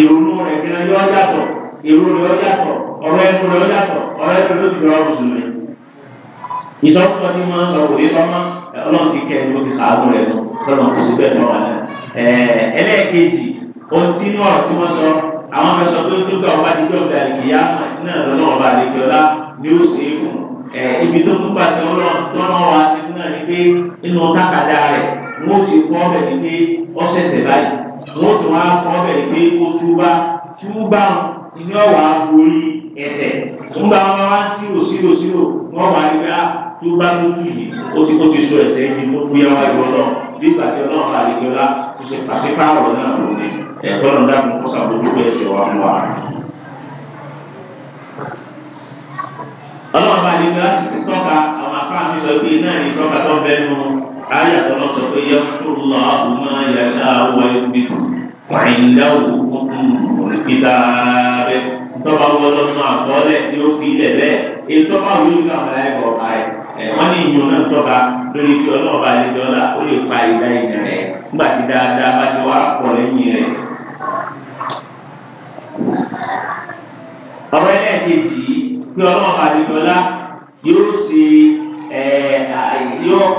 ìrònú rẹ gẹ́gẹ́ yọ ọjà tọ ìrònú rẹ ọjà tọ ọ̀rọ̀ ẹnu rẹ ọjà tọ ọ̀rọ̀ ẹnu ló ti ìsọkúsọ tí wọ́n sọ kò ní sọ́mọ́ ọlọ́run ti kẹ́ ẹni ó ti sàánú rẹ̀ nù lọ́nà kò sí bẹ́ẹ̀ lọ́wọ́ náà. ẹlẹ́ẹ̀kejì ohun tí náà tí wọ́n sọ àwọn afẹsọ tó dúkà ọba àdìgbò ọba àdìgbìyà náà lọ́nà ọba àdìgbìyà ni ó ṣe é fún ibi tó tún gbà tí ọlọ́run tó náà wá sí náà ni pé inú kákàdá rẹ̀ wọ́n ti kọ́ ọbẹ̀ ni pé ó ṣẹ̀ṣẹ̀ báyìí wọ́n tún wá kọ́ ọbẹ̀ ni pé ó túbá túbá ni ọ̀wá borí ẹsẹ̀ nígbà wọn wá sírò sírò tó bá tó kù yìí ó ti ó ti so ẹsẹ̀ yìí kó kú yáwá ìwọ náà nígbà tí ọlọ́run àdìgbọ́lá tó ṣe pàṣípààrọ̀ náà ẹ̀kọ́ náà dákun kó sàbójútó ẹsẹ̀ wa fún wa. ọlọ́run bá nígbà láti tọ́ka àwọn afáàmì sọ pé náà ní tọ́ka tó bẹ́ẹ̀ nù ayé àtọ́lọ́ sọ pé yẹ kó lọ àwọn ọmọ yàtọ̀ àwọn ẹbí wàyíńdáwò olùkítàbẹ tọ́ba wọlọ́nù àkọọ́lẹ̀ ni ó fi ilẹ̀ bẹ́ẹ̀ ètò ọmọ àwọn olùkọ́ àwọn ẹ̀kọ́ ọ̀ka ẹ̀. Eh, wọ́n ní ìyún náà tọ́ka lórí kí ọlọ́ọ̀bá àlejò ọ̀la ó lè pa ìdá ìdá rẹ̀ nígbà tí dáadáa bá ti wá pọ̀ lẹ́yìn rẹ̀. ọ̀rọ̀ ẹlẹ́ẹ̀kejì kí ọlọ́ọ̀bá àlejò ọ̀la yóò ṣe tí eh,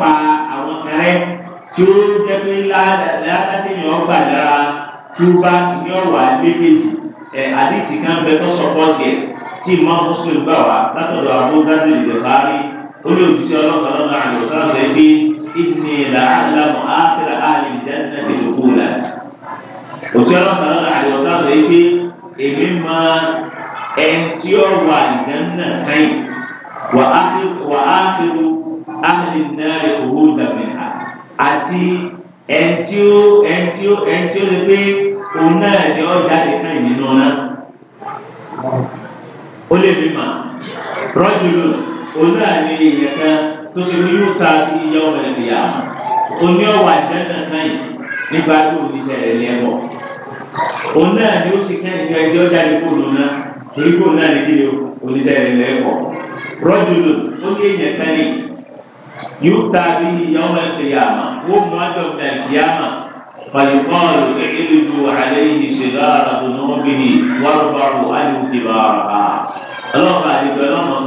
pa àwọn kẹrẹ tí ó jẹ́ pé látàkì ni wọ́n gbà dára tí ó bá ní ọ̀rọ̀ àlékejì eh, àdìsí kan bẹ tó sọpọ́ọ̀tì ẹ̀ tí ìmọ̀ mùsùlùmí gbà wá látọ̀dọ̀ àbúrò dájú ìdẹ̀fárí olùdíje ọlọ́sọ̀rọ̀ náà àlọ́ sọ́nà ẹbí ìdíni làálàmù áfẹ́rẹ́ àlìjẹ́nà ìdókòwò là. òtí ọlọ́sọ̀rọ̀ náà àlọ́ sọ́nà ẹbí èmi máa ẹni tí ó wà àlìjẹ́nà káyì wà áfẹ́rẹ́ àlìjẹ́nà ìdókòwò dàmínà àti ẹni tí ó ẹni tí ó ẹni tí ó lè pé òun náà ni ó jáde káyì nínú náà. ó lè bí mà rọ́jò lónìí òun náà ní ìyẹn kan tó ṣe pé yóò ta iye ọmọ ẹ̀ nìyà oní ọwọ́ àjẹ́nà kan yìí nígbà tó o ní sẹ̀rẹ̀ ní ẹ̀mọ́ òun náà ni ó sì kẹ́ni ní ẹjọ́ jáde kó lò náà torí kó náà ní kí ni o ní sẹ̀rẹ̀ ní ẹ̀mọ́ rọ́jòló ó ní ìyẹn kan yìí yóò ta iye ọmọ ẹ̀ nìyà wọ́n mú àjọ ìyá فيقال اعرضوا عليه شجار ذنوبه وارفعوا عنه كبارها. الله قال لك لما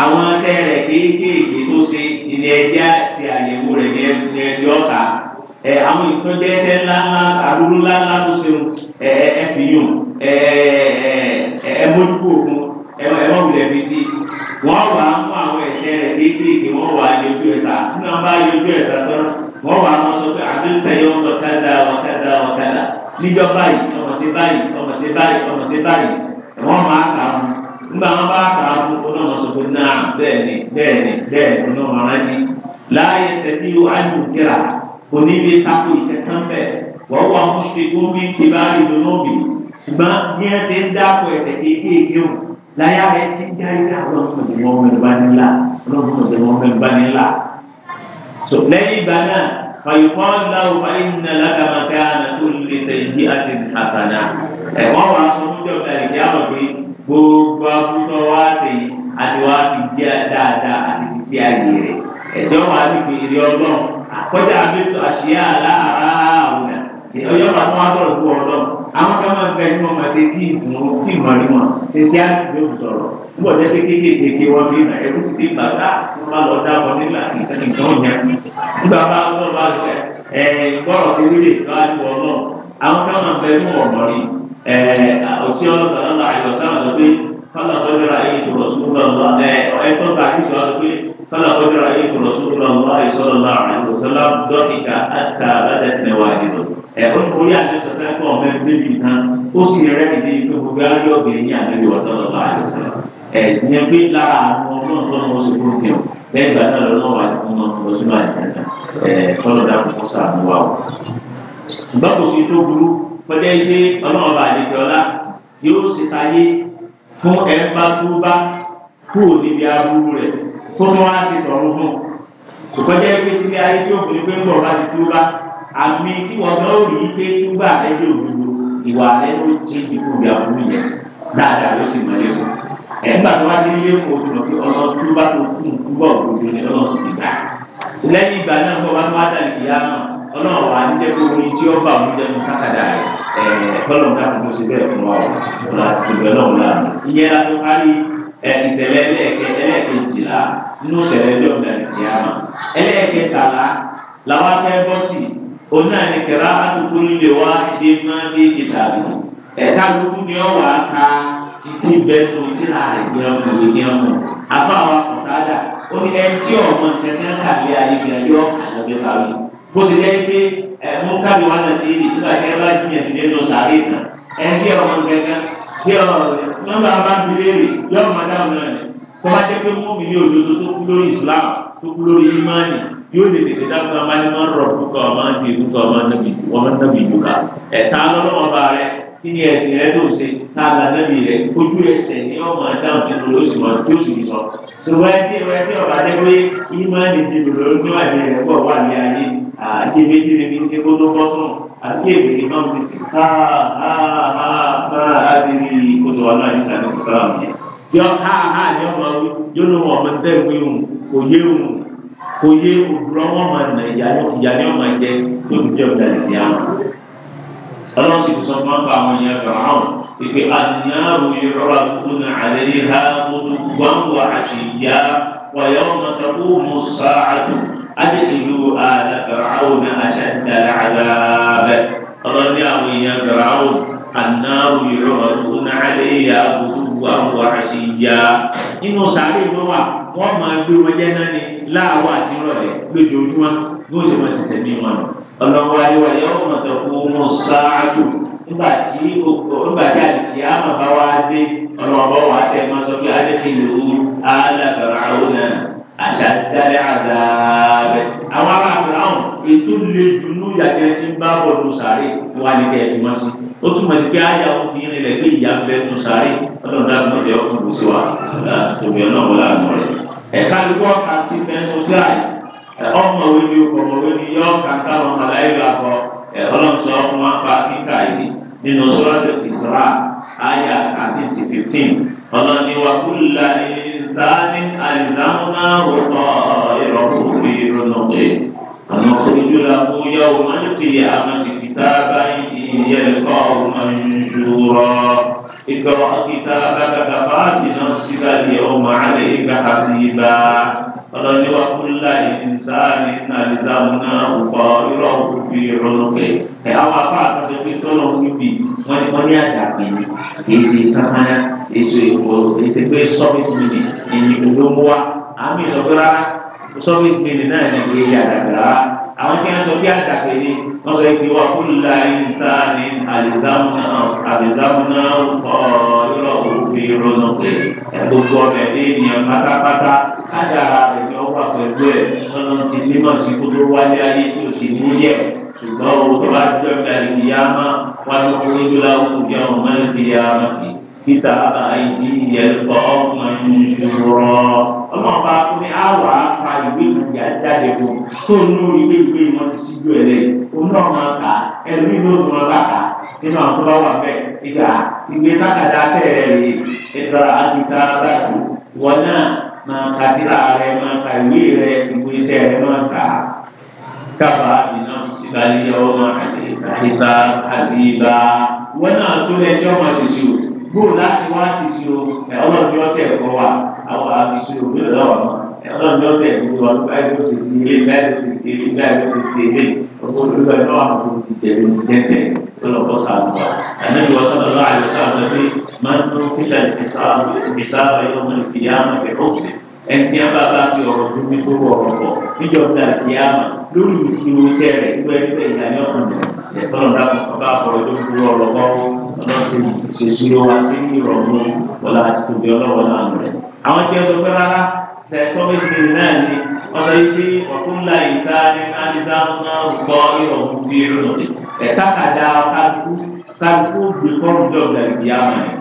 àwọn akẹ́rẹ̀ kéékèèké tó ṣe ilé ẹja ti àyẹ̀wò rẹ̀ ní ẹbí ọ̀tá ẹ àwọn ìtọ́jẹ́ ẹsẹ̀ ńláńlá àrùn ńláńlá tó ṣe ẹ ẹ fi yùn ẹ ẹ ẹ mójúkú òkun ẹ ẹ wọ́n wulẹ̀ fi sí wọ́n wà á mú àwọn ẹ̀ṣẹ̀ rẹ̀ kéékèèké wọ́n wà á yọjú ẹ̀ta tí wọ́n bá yọjú ẹ̀ta tán wọ́n wà á mọ sọ pé àdéhùntẹ̀yọ́ ọ̀kadà ọ̀kadà ọ̀kadà níjọ báyìí ọmọ sí báyìí ọmọ sí báyìí ọmọ náà bẹ́ẹ̀ni bẹ́ẹ̀ni bẹ́ẹ̀ni ọ̀nà ọ̀rántí láàyè sẹ́tí ayò kíra oníbi tako ìkẹtàn bẹ́ẹ̀ wọ́n wà mú ṣe gómìn kíbá ìdùnnú bì ṣùgbọ́n bí ẹ ṣe ń dáàbò ẹsẹ̀ kéékèèké o láyà rẹ ti ń jáde àwọn ọmọdéwọ́n mẹ́rìnbánilá ọlọ́mọdéwọ́n mẹ́rìnbánilá. lẹ́yìn ìgbà náà fàyọ̀kọ́ láwùjọ ìnà lágàmàkà ànàtó lè ṣe ìdí àti àtàná. ẹ̀wọ́n wa sọ fún jọ̀ọ́ gbogbo abúlé wa àti wá fi jẹ́ dáadáa àti fi sí ààyè rẹ̀ ẹ̀jọ́ wa ní ìbéèrè ọlọ́run àkọ́jà abẹ́tọ̀ àṣeyà aláàrá àwùdà ọjọ́ bá wọn sọ̀rọ̀ fún ọlọ́run àwọn kan máa ń bẹ ní wọn máa ṣe tí ìmọ̀ tí ìmọ̀ ní wọn ṣe sí àgbègbè òsọ̀rọ̀ nígbà tó ṣe kéékèèké wọn fi mà ẹ̀kú sí bí bàbá wọn bá lọ dábọ̀ nígbà nǹkan nǹkan ò yẹn nígbà bá wọn bá lọ ẹ gbọ́rọ̀ sí wílé ìgbàlú ọlọ́run àwọn kan máa ń bẹ ní wọn mọ̀ ní ọ̀sẹ̀ ọlọ́sàn kọ́lá kọjú ra yìí tó rọ̀súlọ̀ lọ́wọ́ ẹ ẹ̀kọ́ ta kí sọ pé kọ́lá kọjú ra yìí tó rọ̀súlọ̀ lọ́wọ́ ìsọ̀rọ̀ lọ́wọ́ àrùn sọ́lá dọ́kítà àtà àbádẹ́tẹ̀ wà nínú. ẹ̀kọ́ orí àjọṣọ sẹ́kọ̀ ọ̀mẹ́ bíbí kan ó sì rẹ́ ìdí pé gbogbo ayé ọ̀gbìn ní àbẹ̀bí wọ́sọ̀rọ̀ lọ́wọ́ àjọṣọ. ẹ̀ yóò ṣe tayé fún ẹ̀ńbá tó bá kú níbi aburú rẹ̀ tó mọ́ á tọ̀rọ̀ fún ṣùgbọ́n jẹ́ pé tí ayé tí òfin pé ń bọ̀ bá ti tó bá àmì tí wọ́n náà rí i pé tó bá ẹjọ́ òdodo ìwà rẹ̀ ló jẹ́ ìdíkù bí aburú yẹn dáadáa ló sì mọ̀ lẹ́kọ̀ọ́ ẹ̀ńbà tó wá ilé kò tó ọ̀nà tó bá tó kú òdodo ni ti gbà lẹ́yìn kọ́lọ̀ náà kò sí bẹ́ẹ̀ fún wa o láti bẹ́ẹ̀ lọ́wọ́ náà ìyẹn la tó parí eh, ìṣẹ̀lẹ̀ ẹlẹ́ẹ̀kejìlá nínú ìṣẹ̀lẹ̀ ẹjọ́ ìdàgbẹ̀ kíámà ẹlẹ́ẹ̀kẹtàlá làwọn afẹ́ bọ́ sí onáà ní kẹrẹ àtúntò líle wá ìdí máa bí kìtàbí ẹ̀ka gbogbo ni ọ̀wà ká ti bẹ́ẹ̀ tó ti rà rẹ̀ jẹun kò jẹun a àwọn o dà ó ní ẹ tí ọmọ nǹkan kan kàbí ayé gbìyànjú ọ̀kà lọ́gbẹ́ parí bó ṣe jẹ́ pé ẹ̀ mú kábí wà náà ti rí nígbà tí ẹ bá jìyàn ti lé lọ sàárè náà ẹ bí ọmọ gẹ́gẹ́ bí ọ nọ́mbà bá mi léèrè yọ ọmọ dáhùn náà ni kó bá jẹ́ pé mú mi ní òdodo tó kú lórí Islam tó kú lórí imáàni yóò lè tètè dáhùn náà máa ní wọn rọ kúkọ ọmọ nàbì kúkọ ọmọ nàbì ọmọ nàbì dùkà ẹ̀ta lọ́wọ́ ọba rẹ kí ni ẹ̀sìn rẹ tó ṣe tá a là nàbì rẹ ojú ẹsẹ̀ ní ọmọ dáhùn tí mo lóṣù wọn tí ó sì sọ ṣùgbọ́n ẹ àti méjì níbi tí kó tó bọ́ sùn àti èdè ní bá mi ti ká ha ha ha adìrí kótó wa náà ní sàlẹ̀ kótó wa mi. yọ ha ha ni ọmọ wí yóò lọ ọmọ tẹ wí òun kò yé òun kò yé òdúrọ̀ wọn máa nà ìyá ni ọmọ jẹ tó ń jẹ ọ̀dà ìdí àwọn. ọlọ́run sì sọ fún ọkọ àwọn èèyàn kan àwọn ìpè àníyàwó ìrọ̀rọ̀ àkókò àlẹ́ yìí ha mọ́tò gbọ́n wà àṣìyá wàyà ọmọ tàbí adìsílù àdàkàràwò ní aṣàdàlà àdàbẹ ọlọ́dẹ àwọn èèyàn gàràwò ànáwó ìrọ̀rọ̀ tó ní alẹ́ ìyá àbùkù àwọn àṣìyà nínú sàárè ló wà wọ́n máa gbé wọn jẹ́ náà ni láàárọ̀ àti ìrọ̀lẹ́ lójoojúmọ́ bí ó ṣe máa ṣẹ̀ṣẹ̀ bí wọn. ọlọ́wọ́ ayéwà yẹ ọmọ tó kú mọ́ ṣáájú nígbà tí nígbà tí àdìtì àmọ̀ bá wá dé ọlọ́wọ́ bá wà á tẹ̀ máa sọ pé adìsílù àdàkàràwò náà àṣàdáre àdáre àwọn ará àbúráhùn ètò lè dunú yàtí ẹ ti ń bá bọ̀ lù sáré wà ní kẹ́ ẹ fi wọ́n sí ó túmọ̀ sí pé àyà òfin rẹ̀ pé ìyá ń bẹ lù sáré ọdún ọdún àbúrò rẹ̀ ọkùnrin kò sí wa tòmí ọ̀nà wọlé àná rẹ̀ ẹ̀ka ló kọ́ ọ̀ka ti fẹ́ sọ́síàì ọmọ òwe ni ọkọ̀ òwe ni yọ ọ̀ka táwọn màláyé lọ akọ ọlọ́mùsọ fún wa pa kíkà yìí nínú sọ́rọ́ àti ìsọ̀rọ̀ àyà àti ìsì fifteen ọlọ́ni wa kúlù láàrin بلسان ألزمنا وطائره في عنقه ونخرج له يوم القيامة كتابا يلقاه منشورا اقرأ كتابك كفى بنفسك اليوم عليك حسيبا فقد وكل إنسان ألزمناه طائره في عنقه أي أما فاتت في wọ́n wọ́n ní àdàpè ní kìí ṣe sámáyà èso ìpò ètò pé sọ́fíìsì mìíní ẹ̀yìn olóńgbò wa àmì ìsọ̀gbọ́ra sọ́fíìsì mìíní náà ní kìí ṣe àdàpè rárá àwọn tí wọ́n sọ bí àdàpè ní wọ́n sọ pé wà kó la ìsá ní àlìzámúná àlìzámúná ọ̀ yọ̀rọ̀ òfin ronú pé gbogbo ọbẹ̀ ní ènìyàn pátápátá kájà rẹ̀ ni ọ ṣùgbọ́n o tó bá jọ kàlí ìyáma wọn ló kó lójú láwùjọ bí àwọn ọmọ ẹni ìyáma ti kíta àìdí ìyẹlẹkọ ọmọ ìṣòro ọmọ ọba fún mi àwọ̀ apá ìwé ìgbà jáde fún tó nú ìwé ìwé wọn ti ṣíjú ẹ̀ lẹ́yìn òun náà máa kà ẹlòmí ló ń wọn bá kà nínú àwọn tó bá wà bẹ́ẹ̀ ìgbà ìwé sákàdá rẹ̀ rèé ìtara àti ìtara wọn náà máa ka tírà rẹ máa ka ìwé rẹ ìwé iṣẹ́ rẹ máa ka kábàá ìnáwó ìgbàlẹ̀ ọmọ àìsà àzìbá wọn náà tó lẹ́jọ́ ọmọ ṣìṣì o gbòò láti wá ṣìṣì o ọlọ́run yóò ṣe ẹ̀kọ́ wa àwọn àbíṣe òbí ọlọ́run ọlọ́run yóò ṣe ẹ̀kọ́ wa nípa ẹ̀kọ́ ṣìṣì ilé báyìí ló ṣìṣì ilé báyìí ló ṣìṣì ilé ọkọ̀ olúwa ẹ̀ náà àwọn ti tẹ̀lé ti tẹ̀lé ọlọ́kọ̀ sàmùwà ànábi wọ́n sọ̀rọ̀ láàyè sọ̀rọ̀ pé máa ń tún kíṣà ìfisà ẹtì ẹ bá bá fi ọ̀rọ̀ tó fi tó ọ̀rọ̀ pọ̀ níjọba àti àmà lórí ìṣirò iṣẹ́ rẹ̀ ìgbẹ́ ẹgbẹ́ ìdájọ́ kan ẹ̀tọ́nù dákun ọba àkọ́rọ̀ tó fi ọ̀rọ̀ pọ̀ ọlọ́sìn ṣèṣirò wa sí ìrọ̀rùn ọ̀la àti kòbí ọlọ́wọ́ náà rẹ̀. àwọn tí ẹ sọ pé rárá tẹ sọ́mẹ́sì náà ni wọ́n sọ yìí pé ọ̀túnla náà gbọ́ ìrọ̀rùn di ìrọ̀rùn ẹ̀ta kàdá kálukú kálukú gbé kọ́rù jọ̀gbà ìdí àmà yẹn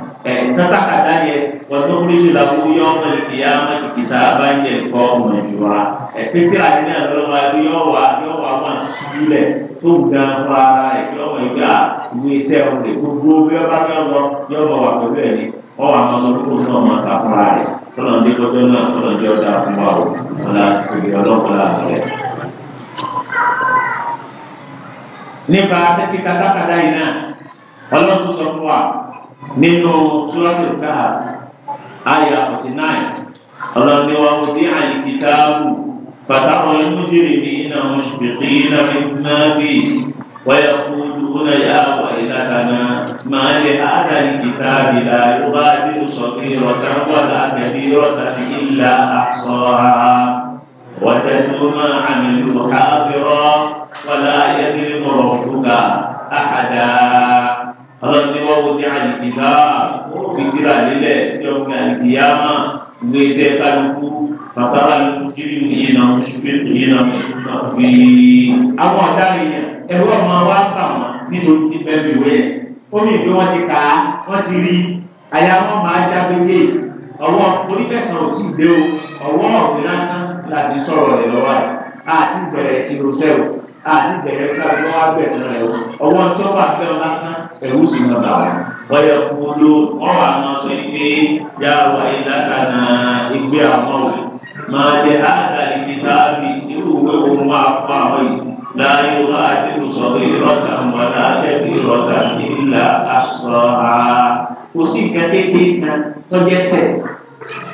sábàkàtà eh, yẹ wọn tó kúrò ìṣòro àbúrò yọ ọmọ ìyá ọmọ ìkìtà bá ń yẹ kọ ọmọ ìjọba ẹ̀pẹ́tẹ́ eh, àdínní àlọ́wọ́ yọ̀wà yọ̀wà wọn ṣíṣú lẹ̀ tó ga fún ara ẹ̀ yọ̀wọ̀ ìgbà ìwé iṣẹ́ ọ̀hún lè gbogbo bí wọ́n bá yọ̀wọ̀ yọ̀wọ̀ wà pẹ̀lú ẹ̀ ní ọ̀wà àwọn ọmọ tó kún ọmọ ta fún ara rẹ̀ tọ́lọ̀ ní kọjọ́ náà tọ́lọ̀ ní ọjà fún wa o ọ̀la ìgbè ọlọ́kọ̀lá rẹ̀. nípa tẹ́tí katakata yìí náà ọlọ́run sọ fún wa nínú suratul Kahf àyà forty nine ọlọ́ni wa wò dé àyíkítàbù fàtàkùn ìmúṣèré ní iná mùsùlùmí iná mímúnábì wáyà kúndùkúnà yà wà ìlàkànà máa lè àdá ìkítàbì là yóò bá dé sọ̀tì rọ̀tà wà láàbẹ̀bí rọ̀tà ìlà àṣọ̀ra wàtẹ́tù máa àmì lù hàbírọ̀ wàlá yẹ kí àkàdá ọlọ́run ní wọ́n wo ti àlìkìlá fìtìlà lílẹ̀ tí ọkùnrin àlìkìyá máa ìwé iṣẹ́ kálukú bàbá kálukú kiri yìí náà ṣùgbẹ́ yìí náà fi àwọn ọ̀daràn yẹn ẹ̀rọ ọmọ wa kà wọ́n nítorí ti bẹ́ẹ̀ bí wẹ́ ó ní ìwé wọn ti kà á wọ́n ti rí àyà wọn máa já pété ọwọ́ oníkẹsàn ò tí ì dé o ọwọ́ ọ̀gbìn lásán láti sọ̀rọ̀ rẹ̀ lọ́wọ́ rẹ̀ àti bẹ̀rẹ̀ sí rosẹ́rù àti bẹ̀rẹ̀ fúlàṣọ́ àgbẹ̀sán rẹ̀ ọwọ́ tó bá fẹ́ lásán ẹ̀rú sì máa bà wọ́n. wọ́yẹ kúló ọ̀rọ̀ àwọn sọ pé yá wà ìdákànnà ìgbé àwọn rẹ̀ máa jẹ àdàlì kìtàbí irú ìwé òun wà fún àwọn yìí. láyé wá àti ìsọ̀rọ̀ ìrọ̀tà mọ̀lá ẹ̀bí ìrọ̀tà nílà àṣọ à. kò sí nǹkan kan tọ́jẹ́sẹ̀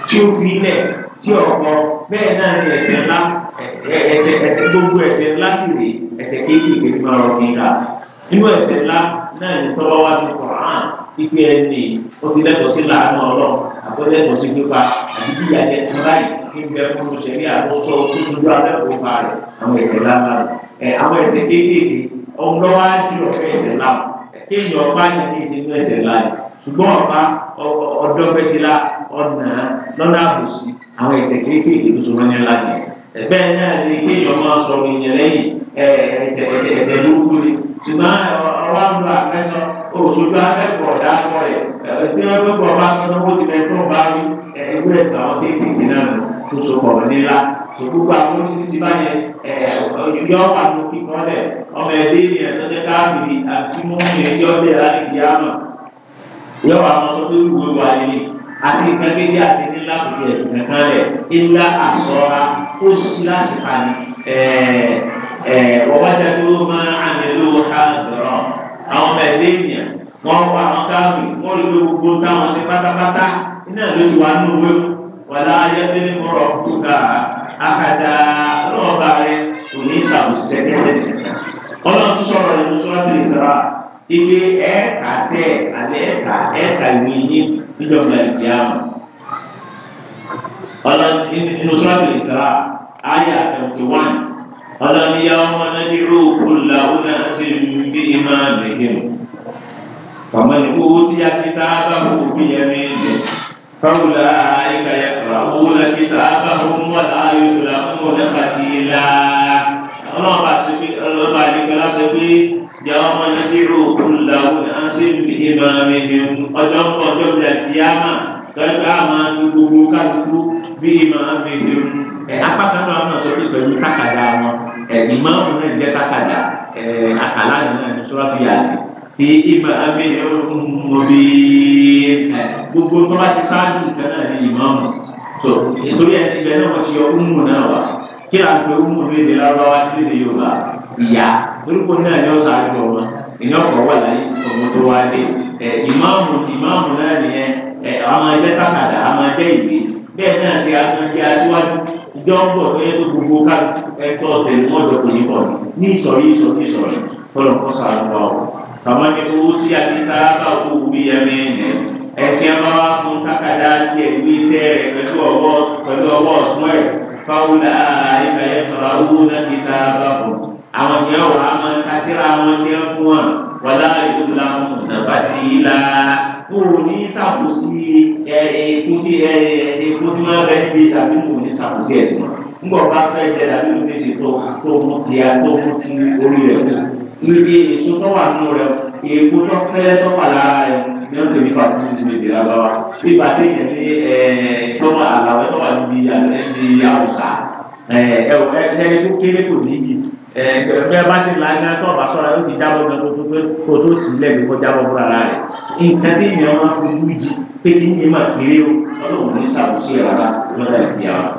tí ó fi lẹ̀ tí ọ̀pọ̀ bẹ́ẹ̀ náà ni ẹ̀ṣẹ̀ ńlá ẹ̀ṣẹ̀ gbogbo ẹ̀ṣẹ̀ ńlá sì rèé ẹ̀ṣẹ̀ kéékèèké máa rọ̀ nígbà nínú ẹ̀ṣẹ̀ ńlá náà ní tọ́lọ́ wá ní kọ̀ọ̀án ipe ẹni ó ti lẹ́tọ̀ọ́ sí làánú ọlọ́run àtọ́lẹ́tọ̀ọ́ sí pípa àti bíyà jẹ tán láì ní bẹ fún òṣèré àtúnṣe ojúdúdú abẹ́kọ̀ọ́ bá rẹ̀ àwọn ẹ̀sẹ̀ lára ẹ̀ àwọn ẹ̀sẹ̀ kéékèèké ọ̀hún lọ́wọ́ á dì ọ̀fẹ́ ẹ̀sẹ̀ láà kéèyàn ọ̀pá ní kí n ṣe inú ẹ̀sẹ̀ láà ṣùgbọ́n ọ̀pá ọ̀dọ́ fẹ́sílá ọ̀nà lọ́nà àbòsí àwọn ẹ̀sẹ̀ kéékèèké tó so mọ́ ní ńlá yẹn ẹgbẹ́ náà ni kéèyàn máa sọ ìyẹn lẹ́yìn ẹsẹ̀ ẹsẹ̀ ẹsẹ̀ lókù ni ṣùgbọ́n ọwọ́ àbúrò àfẹ́sọ òṣùgbọ́ akẹ́kọ̀ọ́ dáàbọ̀ rẹ̀ tí wọ́n gbé bọ̀ bá sọ náà ó ti rẹ̀ tó bá rí ẹgbẹ́ ẹ̀ka àwọn kéékèèké náà tó so pọ̀ nílá gbogbo àwọn oṣiṣi báyẹn ẹ ọjọ wà ló kíkọ lẹ ọmọ ẹdẹ ènìyàn tó jẹ káàkiri àti mú ẹjọ bẹ́ẹ̀ láti di àmọ́ yọ àwọn tó tó wúwo wà nínú àti nǹkan méjì àti nílá kò tiẹ̀ sùn kankan rẹ̀ ilá àsọra ó sì lásìkò àná wọ́n bá dàbí ó máa àmì lówó ká dọ̀rọ̀ àwọn ọmọ ẹ̀dẹ́ ènìyàn wọ́n wá àwọn káàmì wọ́n lè gbogbo táwọn ṣe pátápátá iná ló ti wà ní òwe wàlá ayẹ́dẹ́ ní mọ̀rọ̀ kúkà àkàdá lọ́ọ̀bà rẹ̀ kò ní ìṣàkóso ẹ̀kẹ́ ọlọ́run tó sọ̀rọ̀ ìmúṣọ́lá tó níjọba ẹ̀dí àmà ọlọ́ni inú sọ́ọ̀tù ìsra ayé seventy one ọlọ́ni yá ọmọ náà ní rúùkù làwọn náà ṣe ń bí iná nìyẹn kàmá ní owó tí a ti tá a bá wò bí ẹni lẹ fáwọlá ayé kàyà kàrà owó lẹ́kìtà a bá wò mọ́ láàyò làwọn ọ̀lẹ́pàá ti là á ọlọ́run bá ṣe pé ọlọ́run bá ní kẹlá ṣe pé ìyá ọmọ yẹn ti rò òkú làwọn náà ṣe ń fi ìmọ̀ mi ní ọjọ́ ọjọ́ bí àdìyámà gbẹgbẹ àmà ní gbogbo kálukú bí ìmọ̀ mi ní ẹ apá kan náà náà sọ pé pẹ̀lú kákàdá wọn ẹ ìmọ̀ ọ̀hún náà jẹ́ kákàdá ẹ àkàlà nínú ẹ̀ sọ́ra tó yà sí ti ìmọ̀ mi ní ọ̀hún tó ìtòrí ẹ̀ kí là ń pe ó mú léde lọ́wọ́ léde yorùbá ìyá orúkọ náà ni ó ṣáájú ọmọ ìyá ọkọ̀ wà láyé ọmọ tó wá dé ẹ ìmáàmù ìmáàmù náà nìyẹn ẹ àwọn ẹgbẹ́ tákàdá àwọn ẹgbẹ́ ìwé bẹ́ẹ̀ náà ṣe àtúnṣe aṣíwájú ìjọ ń bọ̀ fẹ́ tó gbogbo ká ẹ̀tọ́ ọ̀tẹ̀ ni wọ́n jọ kò ní pọ̀ ní ìsọ̀rí ìsọ̀rí ìsọ̀rí tọ́lọ̀ kọ́ sàrùbọ̀ ọ̀ kàmá ni owó tí a ti ta bá kó wí ẹ̀mí ẹ̀ ẹ̀ tí a bá wá fún tákàdá tí ẹ̀ iṣẹ́ rẹ̀ pẹ̀lú ọwọ́ pẹ̀lú ọwọ́ ọ̀tún ẹ̀ fáwọlá ìgbà yẹn fara owó náà ti ta bàbọ àwọn yẹn wà á máa kátìrà àwọn tí wọn fún wọn wọlá ìlú làwọn nàbà tí ì la kó o ní sàkóso ẹ èkó tí ẹ èkó tí wọn bẹ níbi tàbí kò ní sàkóso ẹsùn wọn ńgbọ bá fẹ jẹ tàbí kò ní ṣètò tó mú ti a tó mú ti orí rẹ kú níbi èso tó wà nù rẹ èkó tó fẹ tó wà rẹ kú ní wọ́n tẹ̀lé fà sí ibi ìdílé aláwa bí bàtẹ́ yẹn ní tọ́wọ́ àlàwẹ́ tọ́wọ́ níbi àtẹ́ndì àwùsà ẹni tó kéré kò níyì ẹgbẹ́ bá ti la ní atọ́ bá sọ́ra ó ti jábọ̀ gan tó pé kó tó tì í lẹ́bi kó jábọ̀ fúnra rà rẹ̀ nǹkan tí ìyẹn wọn fi wú jì pé kí ní mà kéré o ọlọ́run ní sàkóso ìrara lọ́dà ìgbéyàwó.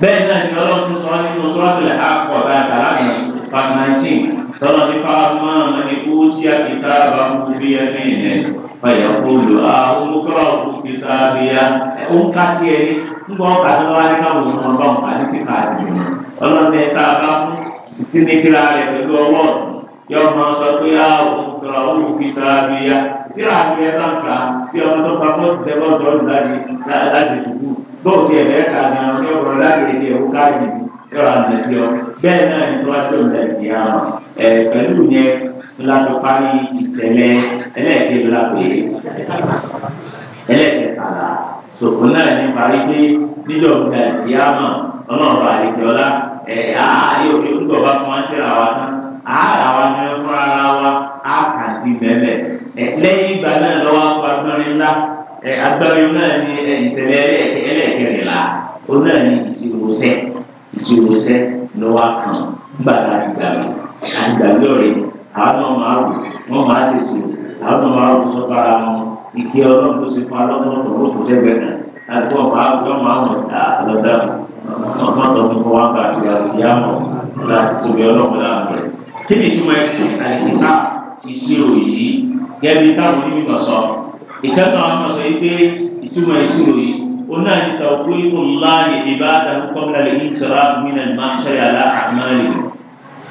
bẹ́ẹ̀ náà ni ọlọ́run sọ nínú sọ́ọ́tì lẹ́ka kọ̀ọ̀dà àgbàlagbà طلب فأما من أوتي كتابه بيمينه فيقول آه اقرأوا كتابيه òun ká sí ẹni nígbà wọn kà lọ́wọ́ ní káwọn ọmọ ọba wọn kà ní ti kà sí ẹni ọlọ́run ẹ̀ tá a bá mú tí ní tira rẹ̀ pẹ̀lú ọwọ́ yọ ọmọ sọ pé a òun sọ̀rọ̀ òun fi tara bí ya tíra àti ẹ̀ náà kà bí ọmọ tó pa fún ìṣẹ́ lọ́dọ̀ ọ̀dọ̀ láti láti sùkú bóun ti ẹ̀rẹ́ kà ní ọ̀rọ̀ láti ẹ̀jẹ̀ òun ká yìí ẹ pẹ̀lú yẹn láti parí ìṣẹ̀lẹ̀ ẹlẹ́ẹ̀kejì lápè ẹlẹ́ẹ̀kẹtàlá sòkò náà ní parí pé níjọ́ ìgbà ìyáàmọ̀ ọlọ́ọ̀bà àdìgbọ́lá ẹ̀ ààyè òkè ń gbọ̀ bá fún wa ń tẹ̀ra wa tán ààrà wa ní fún ara wa á kà sí bẹ́ẹ̀ ẹ̀ lẹ́yìn ìgbà náà lọ́wọ́ agbárin ńlá ẹ̀ agbárin náà ní ìṣẹ̀lẹ̀ ẹlẹ́ẹ̀kẹrìnlá òun náà ní ìṣirò sẹ́ ìṣirò sẹ́ lọ́wọ́ kan gbàdá ìgbà mi àgbàdo rẹ̀ àwọn ọmọ àrùn wọn máa ṣe sùn àwọn ọmọ àrùn sọ bára wọn ìkí ọlọ́run tó ṣe fún alọ́mọdé wọn kò tẹ́gbẹ́ náà àti ọmọ àrùn yọ máa wọn ta àlọ́dá ọmọ tó ń kọ́ wọn bá ṣe àlùyá wọn láti tóbi ọlọ́run láàmú rẹ̀. kí ni ìtumọ̀ ẹ̀sìn àìsà ìṣirò yìí gẹ́gẹ́ táwọn onímọ̀ sọ ìkẹ́kọ̀ọ́ àwọn ọmọ yìí pé ìtumọ̀ ìṣirò yìí onáà ní tàwọn kúrò ńlá yìí ní bá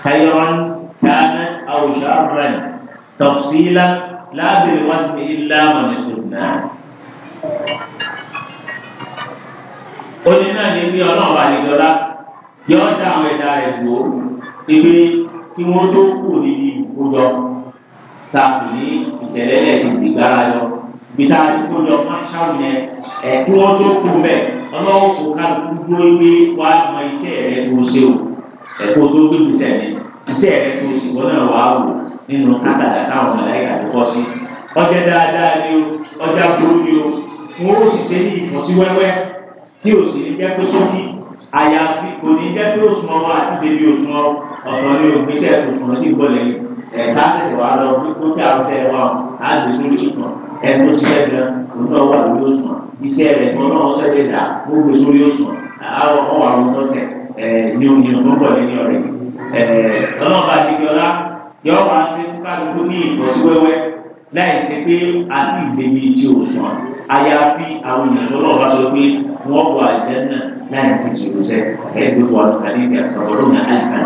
خيرا كانت أو شرا تفصيلا لا بالوزن إلا من استثنى onínáà ní bí ọlọ́ọ̀bà nìjọba yọ ọ́ dá àwọn ẹ̀dá rẹ̀ wò ó ibi kí wọ́n tó kù níbi ìkójọ ta kù ní ìṣẹ̀lẹ̀ lẹ́yìn ìgbára yọ ibi tá a ti kójọ máa ṣàwọn yẹn ẹ̀ kí wọ́n tó kù bẹ́ẹ̀ ọlọ́wọ́ kò ká dúró ìwé wá mọ iṣẹ́ rẹ̀ tó ṣe o ẹ̀kọ́ tó gbé bisẹ́ mi bisẹ́ rẹ tó sì wọ́n náà wàá wò nínú kátàdá táwọn mọ̀láyà tó kọ́ sí ọjà dáadáa ni o ọjà burú ni o wọn ó sì ṣe ní ìfọ̀síwẹ́wẹ́ tí ò sì ní jẹ́ pé sókí àyàfi kò ní jẹ́ pé oṣù mọ́wọ́ àti bèbí oṣù mọ́wọ́ ọ̀nà ni ògbésẹ̀ tuntun sí ìbọ̀lẹ̀ yìí ẹ̀ka àtẹ̀sẹ̀ wa lọ kó kí àwọn tẹ̀ wá ọ̀ lórí oṣù mọ́ ẹni tó gan òun náà wà lórí oṣù ní omi ọgbọ́gbọ́ ní ọ̀rẹ́ ọlọ́ba àdìgbọ́lá yọ wá sí kálukú ní ìfọ́síwẹ́wẹ́ láì ṣe pé àti ìgbéni tí o sùn àyàfi àwọn ènìyàn tó lọ́ọ̀bá sọ pé wọ́n wọ àjẹ́ náà láì ti ṣòro sẹ́ ẹgbẹ́ wọ àlùkàlì ìgbà sọ̀rọ̀ lónìí àìkà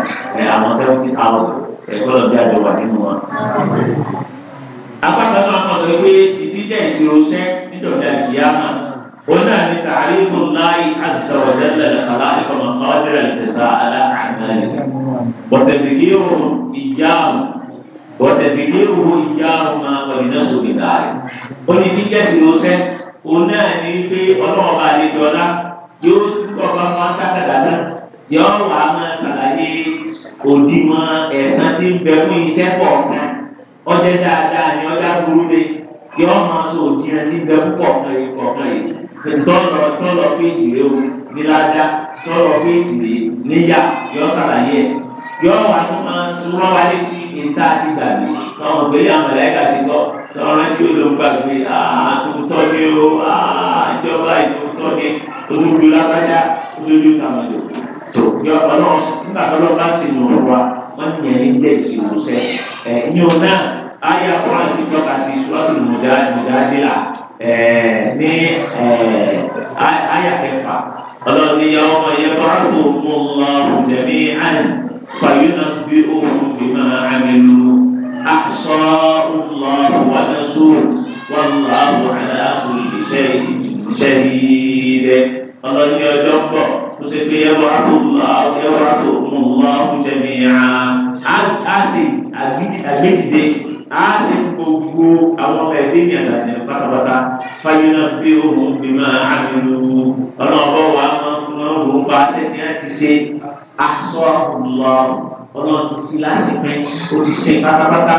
àwọn seventy thousand ẹ̀kọ́ lọ́ọ́ bí àjọ wà nínú wọn. apá kan náà kọ́ sọ pé ìtìjẹ́ ìṣòro sẹ́ nítorí àdìyá غير التساءل عن ذلك وتذكيرهم إياه وتذكيره إياه ما قد نسوا بذلك قل في كسيوسة قلنا أن في الله بعد جولا يوجد ما تكتبنا yóò wá máa ṣàlàyé òdìmọ̀ ẹ̀sán tí ń bẹ fún iṣẹ́ kọ̀ọ̀kan ọjọ́ dáadáa ni ọjà burú ni yóò máa sọ òdìmọ̀ tí ń bẹ fún kọ̀ọ̀kan yìí kọ̀ọ̀kan yìí tọ́lọ̀ tọ́lọ̀ fèsì rẹ o nílá dá sọ̀rọ̀ fèsì rè léyà yọ sàlàyé ẹ̀ yọ wà tó máa súnmọ́ wa létí ìta àti gbàgbé tọmọ pé àwọn ẹ̀ka ti tọ̀ tọrọ tí o lọ gbàgbé àtúntọ́ ni o ìjọba ìtúntọ́ ni olójú lábájá olójú tàmàdò tó yọ ọlọ́run nígbà tó lọ́ọ́ bá sì nù ọ́ wa wọ́n ní ẹni dẹ̀ sí òṣẹ́ ẹ̀ yín o náà ayé àkọ́rọ́ ti tọ́ka sí ìṣúwàtò mùdáàdìlà ní ayé àkẹfà ọlọ́ni yàwó ma yẹ bá tó mú lọ́rù jẹ̀mí àn fàyínà bí òun bí máa àmìlú àṣọ lọ́rù wà ní sọ wọn lọ́rù àdáàbò ìṣe ìṣe yìí rẹ ọlọ́ni ọjọ́ pọ̀ tó ṣe pé yẹ bá tó lọ́rù yẹ bá tó mú lọ́rù jẹ̀mí àn á sì àgbédìde a sì gbogbo àwọn ọmọ ẹ̀dín ní àdàdì pátápátá fáyínà bí òun bí máa àmìlú ọlọ́ọ̀bọ wa máa fún wọn wò ó bá sẹ́ni láti ṣe aṣọ ọ̀lọ́ ọlọ́ọ̀ ti sí lásìkò ó ti ṣe pátápátá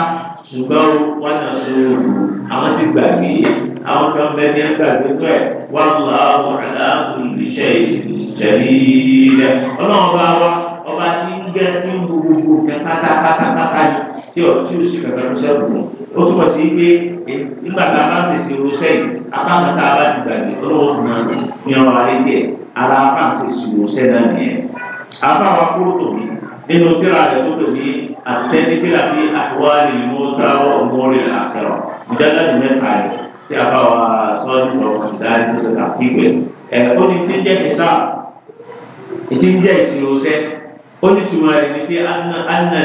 ṣùgbọ́n wọn náà ṣe àwọn sì gbàgbé àwọn kan bẹ́ẹ̀ ní àgbàgbé tó ẹ̀ wọ́n lọ àwọn aláàbò ìṣe ìṣẹ̀lẹ̀ ilẹ̀ ọlọ́ọ̀bá wa ọba tí ń gẹ́ tí ń kẹ́ pátápátá pátá tí ọ̀ tí o sì kankan tó sẹ́kù mọ́ ó túbọ̀ sí pé nígbà tá a bá ń ṣèṣe irú sẹ́yìn apákan tá a bá ti gbàgbé olówó fún wa ní ọ̀rọ̀ ayé tiẹ̀ ara apá ṣèṣe irú sẹ́ náà nìyẹn apá wa kúrò tòmí nínú tíra rẹ̀ tó tòmí àtẹ́nifíra bí àwárí mọ́tà ọ̀mọ́rẹ́ àkẹrọ ìdálẹ́nu mẹ́ta rẹ̀ tí a bá wa sọ́ọ́dún ọ̀rọ̀ ìdálẹ́nu tó ta pípẹ́ ẹ̀ ó ní tí ń jẹ́ ìsá ìtí ń jẹ́ ìṣirò sẹ́ ó ní tùmọ̀ rẹ̀ ní pé anna anna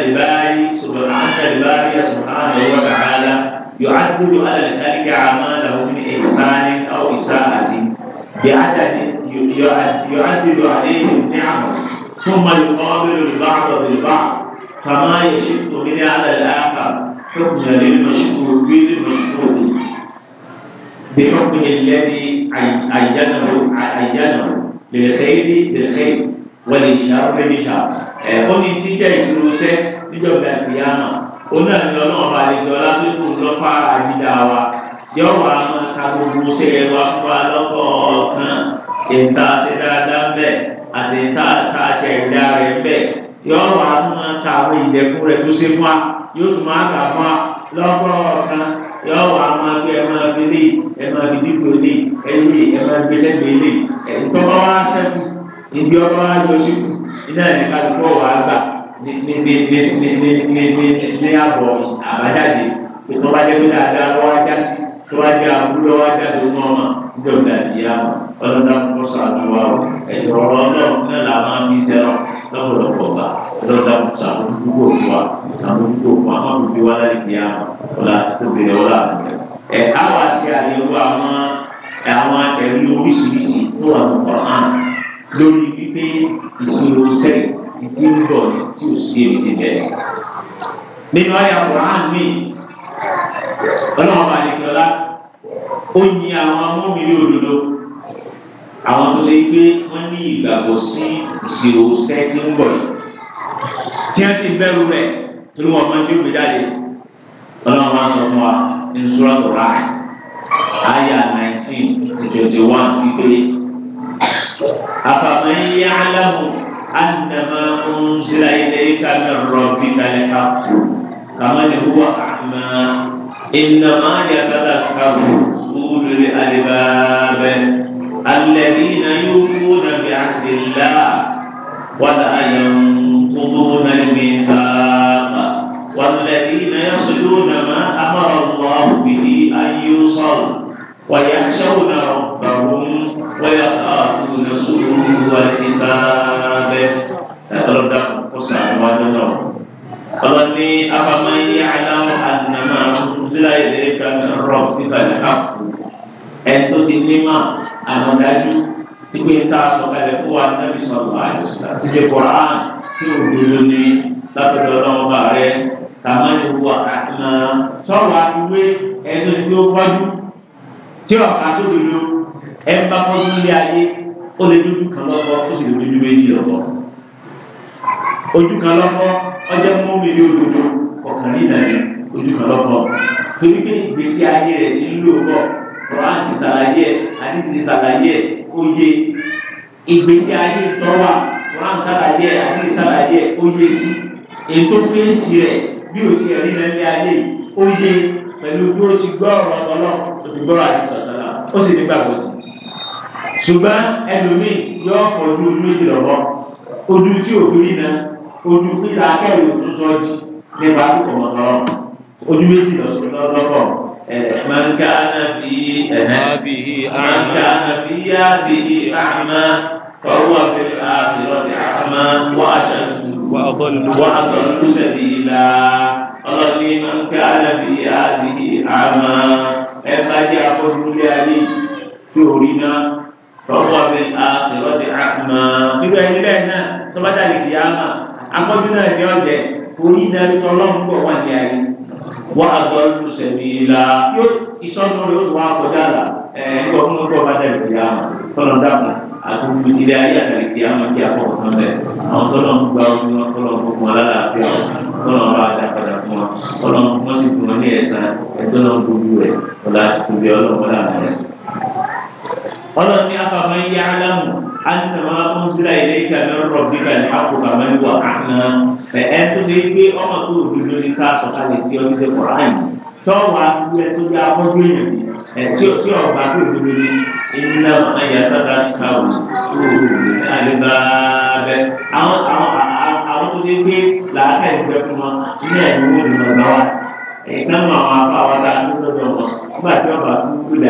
لباري سبحان لباري سبحانه وتعالى يعدل على الخلق أعماله من إحسان أو إساءة بعدد يعدل عليهم نعمه ثم يقابل البعض بالبعض فما يشد من على الآخر حكم في المشكور بحكمه الذي عينه عينه للخير بالخير wọ́n ìṣá wọ́n ìṣá ẹ̀ ó ní tíjẹ́ ìṣirò iṣẹ́ níjọba ìfìyàmà oní àná náà bá lè jọ lásìkò lọ́pá àdídá wa yọ wà á máa ka gbogbo ṣe é wá fún wa lọ́kọ̀ọ̀kan ìta ṣe dáadáa bẹ́ẹ̀ àti ìta ta ṣe ìdá rẹ̀ bẹ́ẹ̀ yọ wà á máa ka àwọn ìdẹ̀kùn rẹ̀ tó ṣe fún wa yóò tún máa kà fún wa lọ́kọ̀ọ̀kan yọ wà á máa gbé ẹ máa fi lé ẹ máa fi dìbò lé ẹ lé ẹ ẹ̀ ń tọ́ bá wá sẹ́kù ibi ọmọ àjọṣepọ̀ iná ẹ̀ ká dúpọ̀ wà á gbà ní ní ní ní ní ní àbọ̀ àbájáde pé tó bá jẹ́ pé dáadáa lọ́wọ́ ajá sí tó bá jẹ́ àbúrò lọ́wọ́ ajá sí ọmọ ọmọ níjọ́ ìgbà tí a mọ̀ ọlọ́dà kọ́ sàdúrà o ẹ̀jọ̀ ọ̀rọ̀ ọlọ́run náà là máa ń bí sẹ́rọ̀ lọ́pọ̀lọpọ̀ gbà ọlọ́dà sàmójúgbò wa sàmójúgbò wa máa ń bí wá láì kí a mọ̀ ọ̀là tó bèrè ọ̀là ẹ̀ á wá sí àyẹ̀wò àwọn àwọn àtẹ̀lé oríṣiríṣi tó wà ní kọ̀ọ̀kan lórí wípé ìṣirò sẹ́yìn tí ń bọ̀ ní tí ò sí èmi ti bẹ̀rẹ̀. nínú àyà Quran mi ọlọ́mọba àdìgbọ́lá ó yin àwọn amóhùnmílẹ̀ òdodo àwọn tó lè gbé wọn ní ìgbàgbọ́ sí ìṣirò sẹ́yìn tí ń bọ̀ yìí tí wọ́n ti bẹ̀rù rẹ̀ tó ní wọn máa ń ṣe òwe jáde ọlọ́mọba sọ fún wa nínú Suratul Ra'd àyà nineteen to twenty one أفمن يعلم أن ما أنزل إليك من ربك الحق كمن هو أعمى إنما يتذكر أولو الألباب الذين يوفون بعهد الله ولا ينقضون الميثاق والذين يصلون ما أمر الله به أن يوصل ويخشون ربهم ويخافون ni ni, tí ọ̀ka tó lòlò ẹ bá kọ́ sí ilé ayé ó lè dúdú kan lọ́kọ́ ó sì lè dúdú méjì lọ́kọ́ ojú kan lọ́kọ́ ọjọ́ mú mi ní òdodo ọ̀kan ní ìdàgbé ojú kan lọ́kọ́ torí pé ìgbésí ayé rẹ̀ ti ń lò bọ̀ Quran ti ṣàlàyé ẹ̀ hadith ti ṣàlàyé ẹ̀ oye ìgbésí ayé tọ́wà Quran ṣàlàyé ẹ̀ hadith ṣàlàyé ẹ̀ oye sí ètò fèsì rẹ̀ bí o ti rí lẹ́lẹ́ ayé oye pẹ̀lú bí o ti gbọ́ ọ̀rọ̀ ọ̀lọ́ o ti gbọ́ àdìsọ̀sọ̀lá ó sì ní gbàgbọ́ ṣùgbọ́n ẹlòmíì yóò fọ ojú méjì lọ́wọ́ ojú tí ò fi na ojú pípa akẹ́rù tó sọ́ọ̀jì nípa àkókò mọ̀tọ́rọ́ ojú méjì lọ́sọ̀rọ̀ من كان في هذه من كان في هذه أعمى فهو في الآخرة أعمى وأشد وأضل سبيلا ọlọ́ni máa ń ká ànábì àdìyí àmà ẹ̀ bá jẹ́ àbójúlé ayé tó rí náà fọwọ́ bí àkìlọ́dì àmọ́ bíbá ẹni bẹ́ẹ̀ náà tọ́bátà lè fi àmà akọ́jú náà ní ọ̀jẹ̀ orí ìdarí tọ́lọ́mù pọ̀ wà ní ayé wọ́n àgọ́ ìlúṣẹ̀mí la yóò ìsọ́nù rẹ̀ ó wà kọjá la ẹ̀ ń bọ̀ fún ọgbọ́n bá dàrí fi àmà tọ́lọ́ dàpọ̀ àtúntò ìdílé ayé àtàlẹ́ fi àmà kí àfọwọ́ kan bẹ̀ àwọn tọ́lọ́mù gba omi wọn tọ́lọ́mù fún wọn lálàáfíà tọ́lọ́mù bá dá padà fún ọlọ́run ní afàmọ́ yí alámù alùpùpù ọmọ sílá ilé ìka mẹ́rin rọ̀ bí kàní àpò kàmọ́ ìwà àná ẹ̀ ẹ́ tó ṣe gbé ọmọ tó òdodo ní ká sọ̀kalẹ̀ sí ọdún ṣe kọ̀ láàyè tọ́wọ́ àti ẹ tó yá afọ́jú èèyàn ẹ̀ tí ò tí ò bá tó òdodo ní iná ayé àtàkà ká wò àlebà bẹ àwọn àwọn àwọn tó ṣe gbé làákà ìgbẹ́ fún wọn ní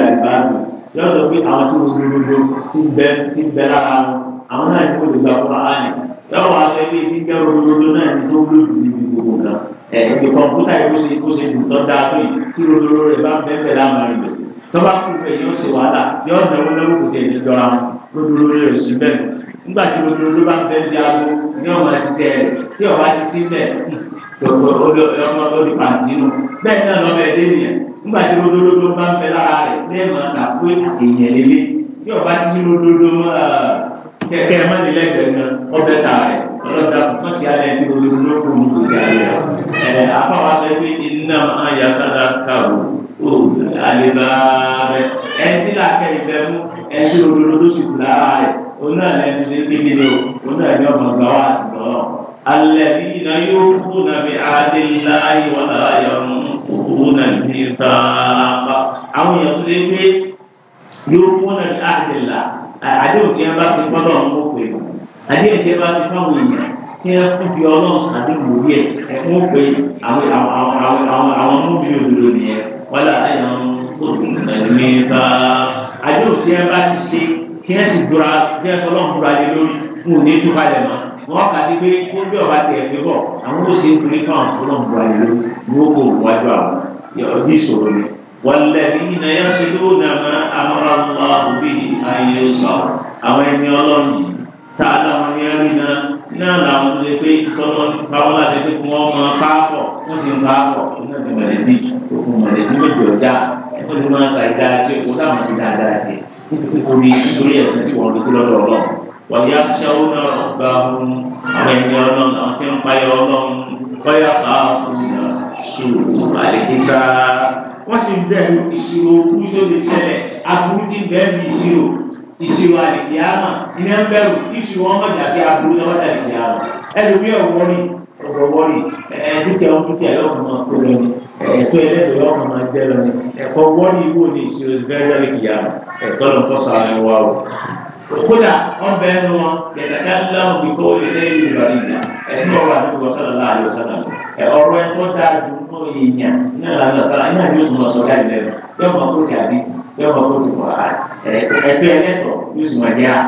ẹ̀yìn yọ sọ pé àwọn tí gbogbo gbogbo ti bẹ ti bẹ lára wọn àwọn náà ní kò lè gba fún ara yẹn yọ wọ aṣọ ilé tí gbẹ gbogbo gbogbo náà ní tó wúlò jù níbi gbogbo kan ẹ ẹgbẹ kọmpútà yìí kó ṣe kó ṣe dùn tó dáa tó yìí kí lolóró rẹ bá bẹ́ẹ̀ bẹ́ẹ̀ láàmú rẹ tọ́ba kú bẹ́ẹ̀ yóò ṣe wàhálà yóò náwó náwó kò tẹ̀ ní jọra wọn lolóró rẹ sí bẹ́ẹ̀ nígbà tí lolóró bá bẹ́ẹ̀ di aago ní ọmọ ṣiṣẹ́ rẹ tí ọba ti sí bẹ́ẹ̀ lọ́mọ lórí pàǹtí nù bẹ́ẹ̀ náà lọ́mọ ẹ̀dẹ́ nìyẹn nígbà tí rododo bá ń bẹ lára rẹ̀ lẹ́ẹ̀mọ́ ta pé àtẹ̀yìn ẹ̀lẹ́lẹ́ bí ọba ti rododo kẹ̀kẹ́ mọ́nilẹ́gbẹ̀ẹ́ náà ọbẹ̀ ta rẹ̀ ọlọ́dà fún sí alẹ́ tí rododo ló kó mú kó sí alẹ́ ẹ̀ afáwa sọ pé iná máa yà sára kàwó ó àlebà rẹ̀ ẹ̀ ń tí làákẹ́ ìfẹ́ mú ẹ̀ ń tí rododo ló sì kù lára rẹ̀ òun náà lẹ́nu ní kékeré òun náà ní ọmọ gbà wá àtìgbọ́ الذين يوفون بعهد الله ولا ينقضون الميثاق àwọn èèyàn tó lé pé yóò fún náà ní àdìlà àdéhùn tí wọn bá ṣe fọlọ ń wò pé àdéhùn tí wọn bá ṣe fọlọ ń yàn tí wọn fún fi Ọlọ́run sàdéhùn orí ẹ ẹkún pé àwọn àwọn àwọn àwọn àwọn múbi òdodo nìyẹn wọn là á yàn ní bá àdéhùn tí wọn bá ti ṣe tí wọn sì dúra bí ẹ wọ́n kà sí pé kó bí ọba tiẹ̀ fi bọ̀ àwọn ó ṣe é torí káwọn fúnlọ́n bu ayé ló ní ó kó wájú àwọn ọdún ìṣòro ni. والذين يصلون ما أمر الله به أن يصل àwọn ẹni ọlọ́run yìí tá a láwọn ní ẹrí náà náà làwọn tó lè pé tọ́lọ́ báwọn láti pé kí wọ́n máa bá pọ̀ wọ́n sì ń bá pọ̀ nínú ẹ̀dùn mọ̀lẹ́bí òkun mọ̀lẹ́bí méjì ọ̀dà ẹ̀kọ́ ni wọ́n máa ṣàìdá sí òkú táwọn ti dáadáa sí nítorí wọ́n yá sẹ́wọ́n náà gba ohun àwọn ẹni ọlọ́run àwọn tí ń payọ ọlọ́run bọ́yá káàkùn ṣòwò àlèkísà wọ́n sì ń bẹ̀rù ìṣirò okú tó lè ṣẹlẹ̀ aburú ti bẹ̀rù ìṣirò ìṣirò àlèkíyàmà iná ń bẹ̀rù ìṣirò ọmọdé àti aburú náà wọ́n àlèkíyàmà ẹni wí ọ̀wọ́ ni ọ̀rọ̀ wọ́ ni dúkìá ó dúkìá yọ̀ọ̀kan máa kó lọ ni ẹ̀tọ́ ẹlẹ́dọ̀ yọ̀ọ̀kan máa jẹ́ lọ ni ẹ̀kọ́ wọ́ ni ìwò ni ìṣirò bẹ́ẹ̀ lọ́lẹ̀kíyàmà ẹ̀tọ́ lọ́kọ́ sàrẹ̀ wá o kódà wọn bẹ ẹnu wọn yàtàkà lọrùn bí kò lè lẹ́yìn ìrọ̀lẹ́ ìgbà ẹni ọ̀rọ̀ àdúgbò sọlọ láàyò sọlọ ẹ ọ̀rọ̀ ẹ tó dáa ju kó èèyàn ní ọlànà sọlọ ẹni àbí òtún ọsọ káyọ lẹ́nu bẹ́ẹ̀ mọ kó ti àbí bẹ́ẹ̀ mọ kó ti kọ á ẹgbẹ́ ẹlẹtọ yóò sì máa jẹrà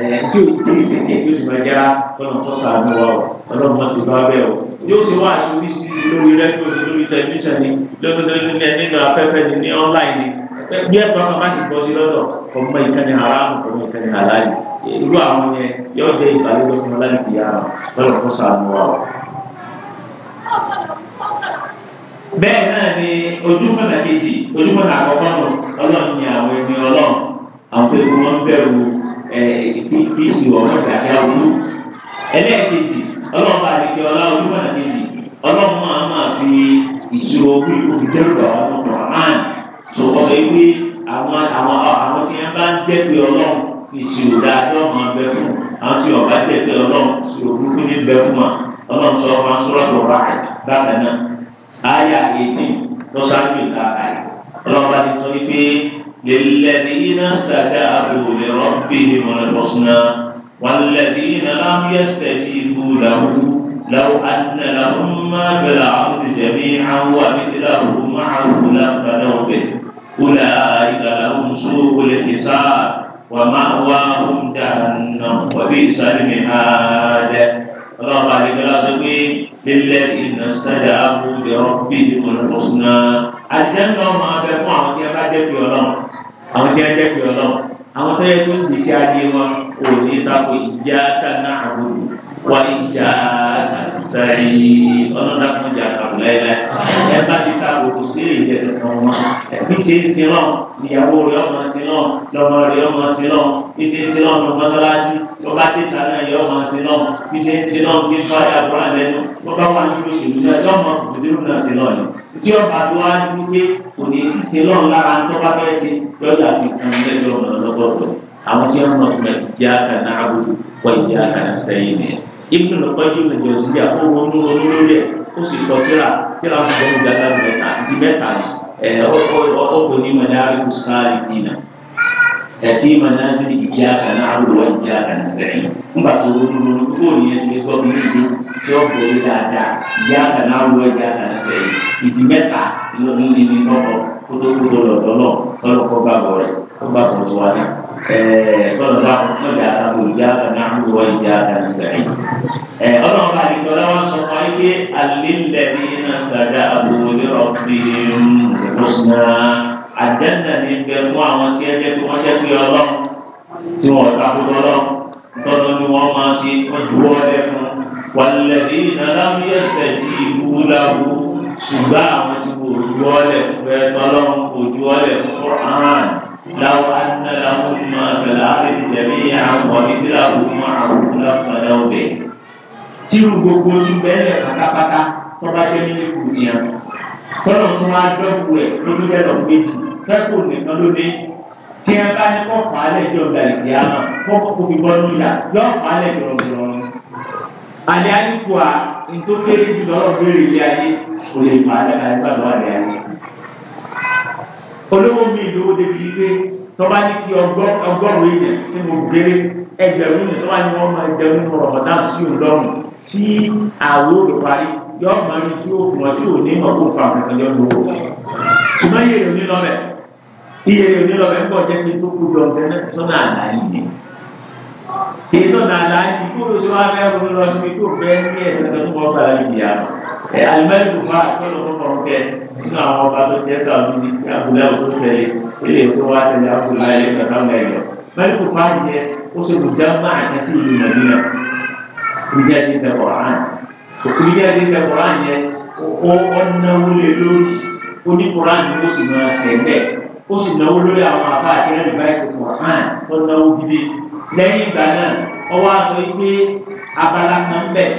ẹ tí o ti ṣe tiẹ̀ yóò sì máa jẹrà lọnà tó sàánú wa o Ọlọ́run mọ sí bá bẹ o yóò sì wá aṣọ oríṣiríṣi lórí rẹ́díò lórí tẹlifíṣàn ni lórí nínú afẹ́fẹ́ ni ní ọnláìn ni bí ẹ̀sùn ọkàn bá sì bọ́ sí lọ́dọ̀ ọmọ ìkànnì haramu ọmọ ìkànnì halali irú àwọn yẹn yóò jẹ́ ìbálòpọ̀ fún ọlọ́ni ìyá lọ́dọ̀ kó sàánú wa. bẹ́ẹ̀ náà ni ojúmọ̀nà kejì ojúmọ̀nà àkọ́kọ́ nù ọlọ́run ni àwọn ẹni ọlọ́run àwọn tó kún wọn bẹ̀rù píìsì ọ̀rọ̀ ìdájá olú ẹlẹ́ẹ̀kejì ọlọ́run bá lè kí ọlá ojúmọ̀nà kejì ọlọ́run máa máa fi ìṣòro ogun ìkòkò dẹ́rù àwọn ọmọ tó wọ́n sọ pé àwọn àwọn àwọn tí wọ́n bá ń jẹ́ pé ọlọ́run ìṣirò dáadọ́ ọmọ abẹ fún àwọn tí ọba jẹ́ pé ọlọ́run ìṣirò burúkú ní bẹ fún wọn ọlọ́run sọ wọn sọ́rọ́ tó rà bákan náà àyà ètí tó sáájú ìta àyà ọlọ́run bá ti sọ pé للذين استجابوا لربهم الحسنى والذين لم يستجيبوا له لو أن لهم ما في الأرض جميعا ومثله معه لافتدوا به أولئك لهم سوء الحساب ومأواهم جهنم وبئس المهاد رب العالمين للذين استجابوا لربهم الحسنى àjẹ́ńdọ́ máa bẹ fún àwọn tí a bá jẹ́ bí ọlọ́run àwọn tí a jẹ́ bí ọlọ́run àwọn tó yẹ kó ń gbèsè adé wọn kò ní tako ìjà tànà àbòrò wa ìjà tànà sẹ́yìn ọlọ́dà fún ìjà àtàwọn ẹ̀rẹ́ ẹ bá ti ta òkú sí èyí ẹ̀tọ́ kan wọn ẹ̀mí ṣe ń sin náà ìyàwó rẹ̀ ọmọ sin náà lọ́mọ rẹ̀ ọmọ sin náà bí ṣe ń sin náà lọ mọ́sálásí tó bá dé sàrẹ́ ẹ̀yọ́ ọmọ sin náà bí ṣe ń sin náà ti ń fa àdúrà lẹ́nu tó bá wà nínú òṣèlú ẹjọ́ ọmọ òdìrú náà sin náà ni tí ọba tó wá ní pé kò ní sísin náà lára tó bá fẹ́ ṣe lọ́dà fi kan lẹ́jọ́ ọ̀nà lọ́gọ́dọ̀ àwọn ibùdó lọ́kọ́ yìí lè jọ sí àpò ronú ronú lórí ẹ̀ ó sì kọ tíra tíra ó sì bọ́ ní gbàgbà mẹ́ta di mẹ́ta ẹ̀ ọkọ̀ ní mọ̀láàrí kò sáré dínà ẹ̀fí mọ̀láàrí ìdí àkànná àrùwọ̀ ìdí àkànná sẹ́yìn nígbà tó ronú ronú kó nìyẹn ti lè gbọ́ bí ìdí tí ó bọ̀ ní dáadáa ìdí àkànná àrùwọ̀ ìdí àkànná sẹ́yìn ìdí mẹ́ta ló ń lé ní lọ́kọ̀ kótó kótó lọ́kọ̀ lọ́kọ̀ bá bọ̀ rẹ̀ ó bá tó wá náà tọ́lọ̀ dáhùn mọ̀jà àtàwọn ìjà kaná àbúrò wọ́n ìjà àtàwọn sẹ́yìn. ọlọ́run bá dìgbò lọ́wọ́ sọ fún ayé pé alílẹ̀ ní nasada àbúrò ní ọ̀pẹ̀ lọ́sùnà àjẹ́nà ní bẹ fún àwọn tí ẹ jẹ́ pé wọ́n jẹ́ pé ọlọ́run tí wọ́n dákúrò ọlọ́run ṣùgbọ́n àwọn tí kò ju wọ́lẹ̀ fún bẹ́ẹ̀ tọ́lọ́run kò ju wọ́lẹ̀ fún لو أن لهم ما في الأرض جميعا ومثله معه لافتدوا به tírú gbogbo tí bẹ́ẹ̀lẹ̀ pátápátá tó bá jẹ́ nílé kù ní ẹ̀ tọ́lọ̀ tó wá dọ́kù ẹ̀ lórí bẹ́ẹ̀lọ̀ méjì fẹ́kù nìkan ló dé tí ẹ bá ní kọ́ fà á lẹ́jọ́ ọ̀gá ìdí àmà kọ́kọ́ kó fi bọ́ ló yà yọ fà á lẹ́jọ́ ọ̀gbìn ọ̀run. àlẹ́ àdìpọ̀ à ń tó kéré jù lọ́rọ̀ bẹ́ẹ̀rẹ̀ ilé ayé kò lè fà á lẹ́ka olówó mi ìlówó débi ilé tọ́ba ní kí ọgọ́rùn-ún èèyàn tí mo gbére ẹgbẹ̀rún ní tọ́ba ní wọ́n máa ẹgbẹ̀rún ní Ramadan sí òǹdọ́rùn tí àwo rẹ̀ parí yọ máa rí tí ó fún ọ tí ò ní ọkọ̀ fún àkàtà yọ lówó. ṣùgbọ́n iye rẹ̀ onílọ́bẹ̀ iye rẹ̀ onílọ́bẹ̀ ń bọ̀ jẹ́ kí n tó kú jọ sọ́nà àlàyé yẹn. kì í sọ̀nà àlàyé kó o ṣe wá fẹ́ ronú lọ sí mi kó o fẹ́ ní ẹ̀sìn nínú àwọn ọba tó jẹ́ sàlù ní kí abúlé ọ̀tún tẹ̀lé ilé tó wá tẹ̀lé abúlé ayé kàtà mẹ́rin mẹ́rin kò fà yẹ ó sì kò jámà àti sí ìlú nàìjíríà ìjà ti tẹ̀ kọ̀ọ̀án òkú ìjà ti tẹ̀ kọ̀ọ̀án yẹ ó ọ̀nàwó lé lórí oníkùnrin ni ó sì máa tẹ̀ bẹ́ẹ̀ ó sì náwó lórí àwọn àbá àti ẹ̀rọ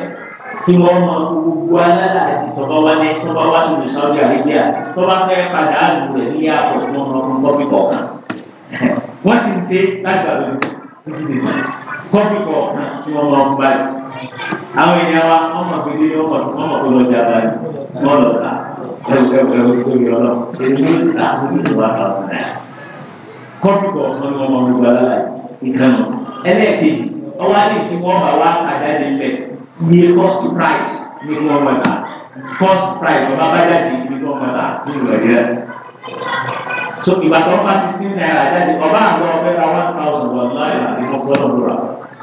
tí wọ́n mọ gbogbo alára àti tọ́ba wá ní tọ́ba wá sí Saudi Arabia tọ́ba fẹ́ padà àlù rẹ̀ ní àpò tí wọ́n mọ fún kọ́pì kọ̀ọ̀kan. wọ́n sì ń ṣe láti bàbá mi títí lè sọ kọ́pì kọ̀ọ̀kan tí wọ́n mọ fún báyìí. àwọn ènìyàn wa wọ́n mọ̀ pé wọ́n mọ̀ pé lọ́jà báyìí wọ́n lọ ta ẹ̀rọ tó yọ lọ èyí ló sì ta fún one thousand naira. kọ́pì kọ̀ọ̀kan ni ní cost price ní kí wọ́n mọ̀ta cost price ọba bá jáde ní kí wọ́n mọ̀ta ní ìrọ̀lẹ́ rẹ̀. so ìbátan ọba sixteen naira jáde ọba àgbọ̀ ọbẹ̀ ra one thousand wọ̀ náà ìlànà ìfọ̀kọ́ lọ́dọ̀ ra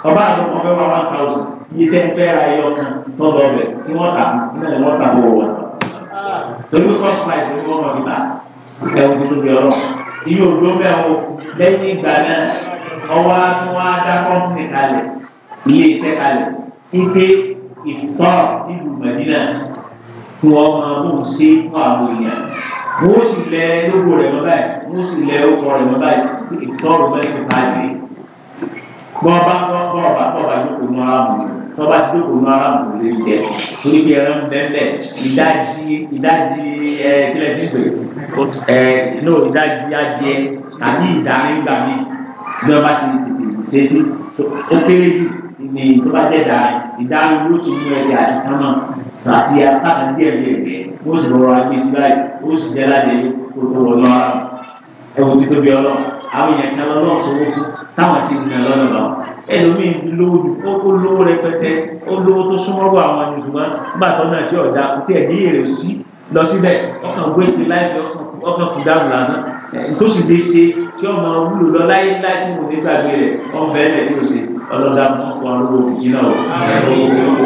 ọba àgbọ̀ ọbẹ̀ ra one thousand iye tẹ́ ń fẹ́ ra iye ọkàn tọ́lọ̀ ọbẹ̀ tí wọ́n tà nílẹ̀ ni wọ́n tà bọ̀ wọ̀ torí cost price ní wọ́n mọ̀ta ẹ̀wọ̀n tuntun bí ọ̀rọ̀ iye òdo mẹ́wọ̀ lẹ́yìn ìgbà náà ọwọ́ á tún wá dá kọ́ńtì kalẹ̀ ilé iṣẹ́ kalẹ̀ ike ìtọ́ ìlú Mẹ́dínà tó ọmọ ọdún sí fún àwọn èèyàn wọ́n sì lẹ lóko rẹ̀ mọ́ báyìí wọ́n sì lẹ ọkọ rẹ̀ mọ́ báyìí ìtọ́ ọ̀rọ̀ mẹ́rin ká lè gbọ́ba gbọ́ba gbọ́ba jókòó nù ara mọ̀ tọ́ba jókòó nù ara mọ̀ lè jẹ torí bí ẹran bẹ́ẹ̀ ìdájí ìdájí ẹ kílẹ̀ tí pé ẹ ní ìdájí ajẹ tàbí ìdárí gbàmí bí wọ́n bá ṣe ó kéré jù ní ìjọba tẹ̀dá ìdáhùn ló ti mú ẹ̀jẹ̀ àti kámọ̀ àti àtàkà díẹ̀ díẹ̀ díẹ̀ ó sì rọra gbé sí báyìí ó sì jẹ́ láti kó tó wọ lọ́wọ́ ẹ̀wù ti tóbi ọlọ́ àwọn èèyàn kan lọ́wọ́ tó wọ́n fún táwọn sì gbìyànjú lọ́nà lọ ẹlòmíì lówó ju ó lówó rẹpẹtẹ ó lówó tó súnmọ́rọ́ àwọn ẹni ṣùgbọ́n nígbà tó náà tí ọ̀dà tí ẹ̀dí èrè sí lọ síbẹ̀ ọkàn gbèsè láìpẹ́ ọkàn kù dáhùn lánàá tó sì lè ṣe kí ọmọ wúlò lọ láyé láti wò nígbàgbé rẹ̀ ọmọ bẹ́ẹ̀ lẹ̀ tí ó ṣe ọlọ́dà fún arúgbó òkìkí náà ó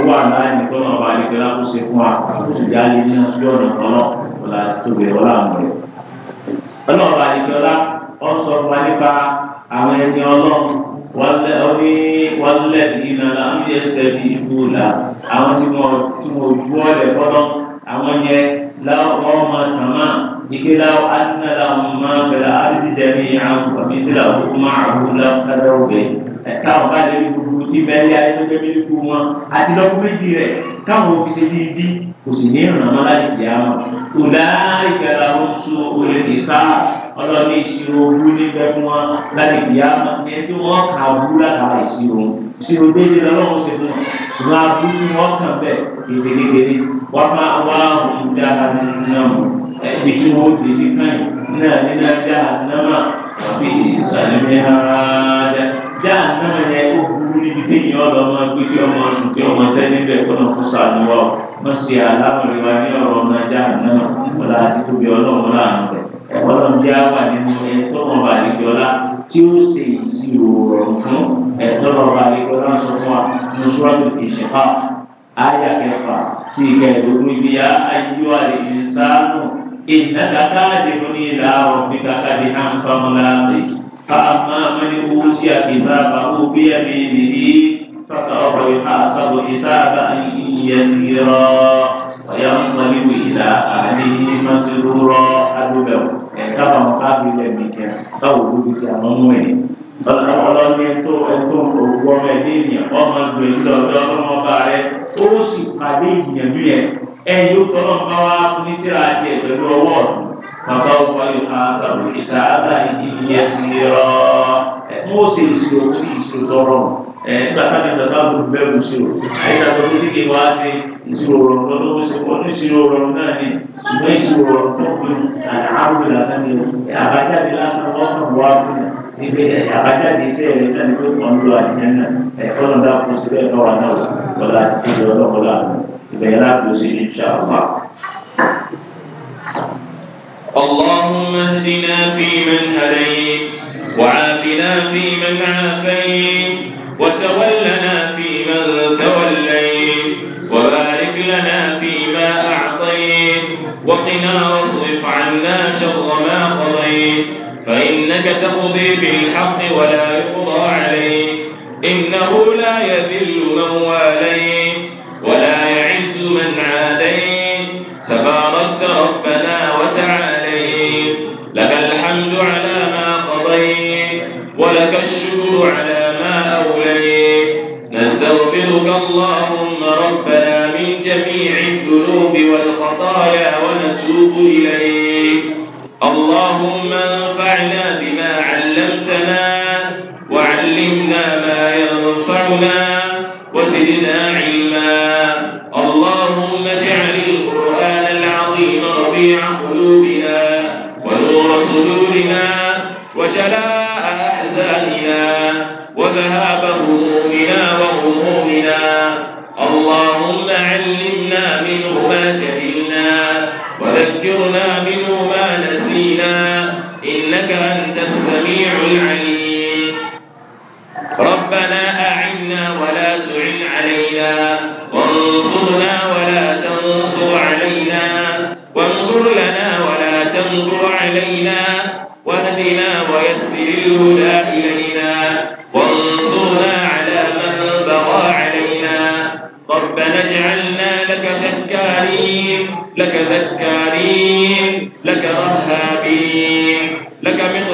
wà láàyè nípa ọmọ ọba àdìgbẹ́ lákòóso fún wa ìyá lè ní ọjọ́ ọ̀nà kan náà ọ̀là tóbi ọ̀là àmọ̀ rẹ̀. ọlọ́ọ̀ba àdìgbẹ́ ọlá ọ̀ sọ fún wa nípa àwọn ẹni ọlọ́run wọlé ọbí wọlé ìnà láwọn yẹ sẹ́ẹ̀dì ìbú la àwọn tí mo tí mo ju ọ̀lẹ̀ fọ́nà àwọn yẹ láwọn ọmọ tàmá ike láwọn adínà láwọn máa bẹ̀rẹ̀ àdídẹ́rì àwọn àmì káwọn bá lè rí gbogbo tí bẹ́ẹ̀lì ayélujára lè kú wọn àti lọ́kọ́ méjì rẹ̀ káwọn fi ṣe dídí kò sì ní ìrànlọ́wọ́ láti fi àmọ́. Tòlá ìgbàlá wọn tún olè ní sá ọlọ́ni ìṣirò owó níbẹ̀ fún wọn láti fi àmọ́. Ní ẹni wọn kà wú látara ìṣirò wọn. Ìṣirò méjì lọ́wọ́ ṣe fún wọn. Ṣùgbọ́n abúlé ni wọ́n kàn bẹ̀ èsì kékeré. Wọ́n máa wá òun dá nínú náà jáà náà yẹ kó burú níbi téèyàn ọ̀dọ́ máa gbé tí ọmọ ọdún tí ọmọ tẹ́ níbẹ̀ kọ́nà fún sàlùwà wọ́n ṣe aláwọ̀rẹ́ wa ní ọ̀rọ̀ ọmọ jáà náà wọ́n láti tóbi ọlọ́run láàánú rẹ̀ ọlọ́run jẹ́ àwà nínú ẹ̀tọ́ ọba àdìjọ́lá tí ó ṣe ìṣirò ọ̀rọ̀ fún ẹ̀tọ́ ọba àdìjọ́lá sọ fún wa ní sọ́ọ́dù ìṣẹ̀fà ayà kẹfà sí ìkẹẹ̀dógún ibi فأما من أوتي كتابه بيمينه فسوف يحاسب حسابا يسيرا وينقلب إلى أهله مسرورا أدبه ẹ̀ka àwọn káàbìlẹ̀ mìíràn táwọn olóbi ti àwọn ọmọ ẹ̀ ọlọ́ni ẹ̀tọ́ ẹ̀tọ́ òwúwọ́ ọmọ ẹ̀dẹ́ ènìyàn ọmọ ìgbè ńlọ ọ̀dọ́ ọmọ ọba rẹ ó sì pàdé ìyẹ̀mí ẹ̀ ẹ̀yìn ó tọ́lọ́ bá wá ní tíra jẹ pẹ̀lú ọwọ́ ọ̀dùn فسوف يحاسب حسابا يسيرا موسى يسير يسير تورون nígbà tá a ní ìdásá ló bẹ́ẹ̀ mú sí o àyíká tó fi síkè wá sí ìṣirò rọrùn tó ló ṣe pọ̀ ní ìṣirò rọrùn náà ni ṣùgbọ́n ìṣirò rọrùn tó kù àrùn lásán ni o àbájáde lásán lọ́sàn wá fún mi ibi àbájáde iṣẹ́ rẹ̀ náà ni pé wọ́n lo àdìyẹn náà ẹ̀tọ́ náà dá kó síbẹ̀ náà wà náà lọ́la àti kéde ọlọ́kọ̀ọ́lá ìbẹ̀yẹ láti ó sì ní ìṣàlùmọ́. اللهم اهدنا فيمن هديت وعافنا فيمن عافيت وتولنا فيمن توليت وبارك لنا فيما أعطيت وقنا واصرف عنا شر ما قضيت فإنك تقضي بالحق ولا يقضى عليك إنه لا يذل من واليت اللهم ربنا من جميع الذنوب والخطايا ونتوب إليك اللهم انفعنا بما علمتنا وعلمنا ما ينفعنا وزدنا علما اللهم اجعل القرآن العظيم ربيع قلوبنا ونور صدورنا وجلاء أحزاننا وذهاب همومنا وهمومنا اللهم علمنا منه ما جهلنا وذكرنا منه ما نسينا إنك أنت السميع العليم ربنا أعنا ولا تعن علينا وانصرنا ولا تنصر علينا وانظر لنا ولا تنظر علينا كريم لك ذا ذكارين لك رهابين لك من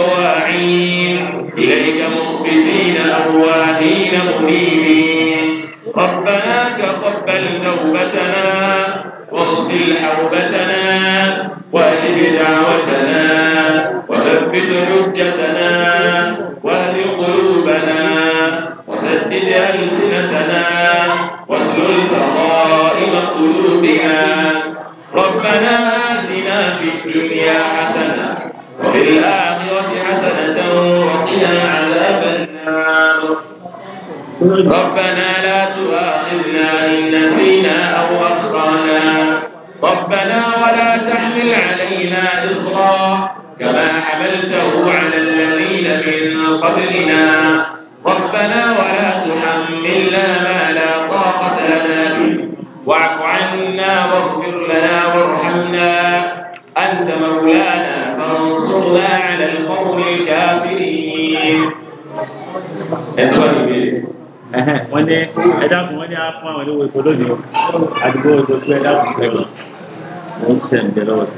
lónìí àdúgbò ọjọ́ pé ẹ̀dá kò fẹ́ lọ. Mo ń ṣe ǹjẹ́ lọ́wọ́ sí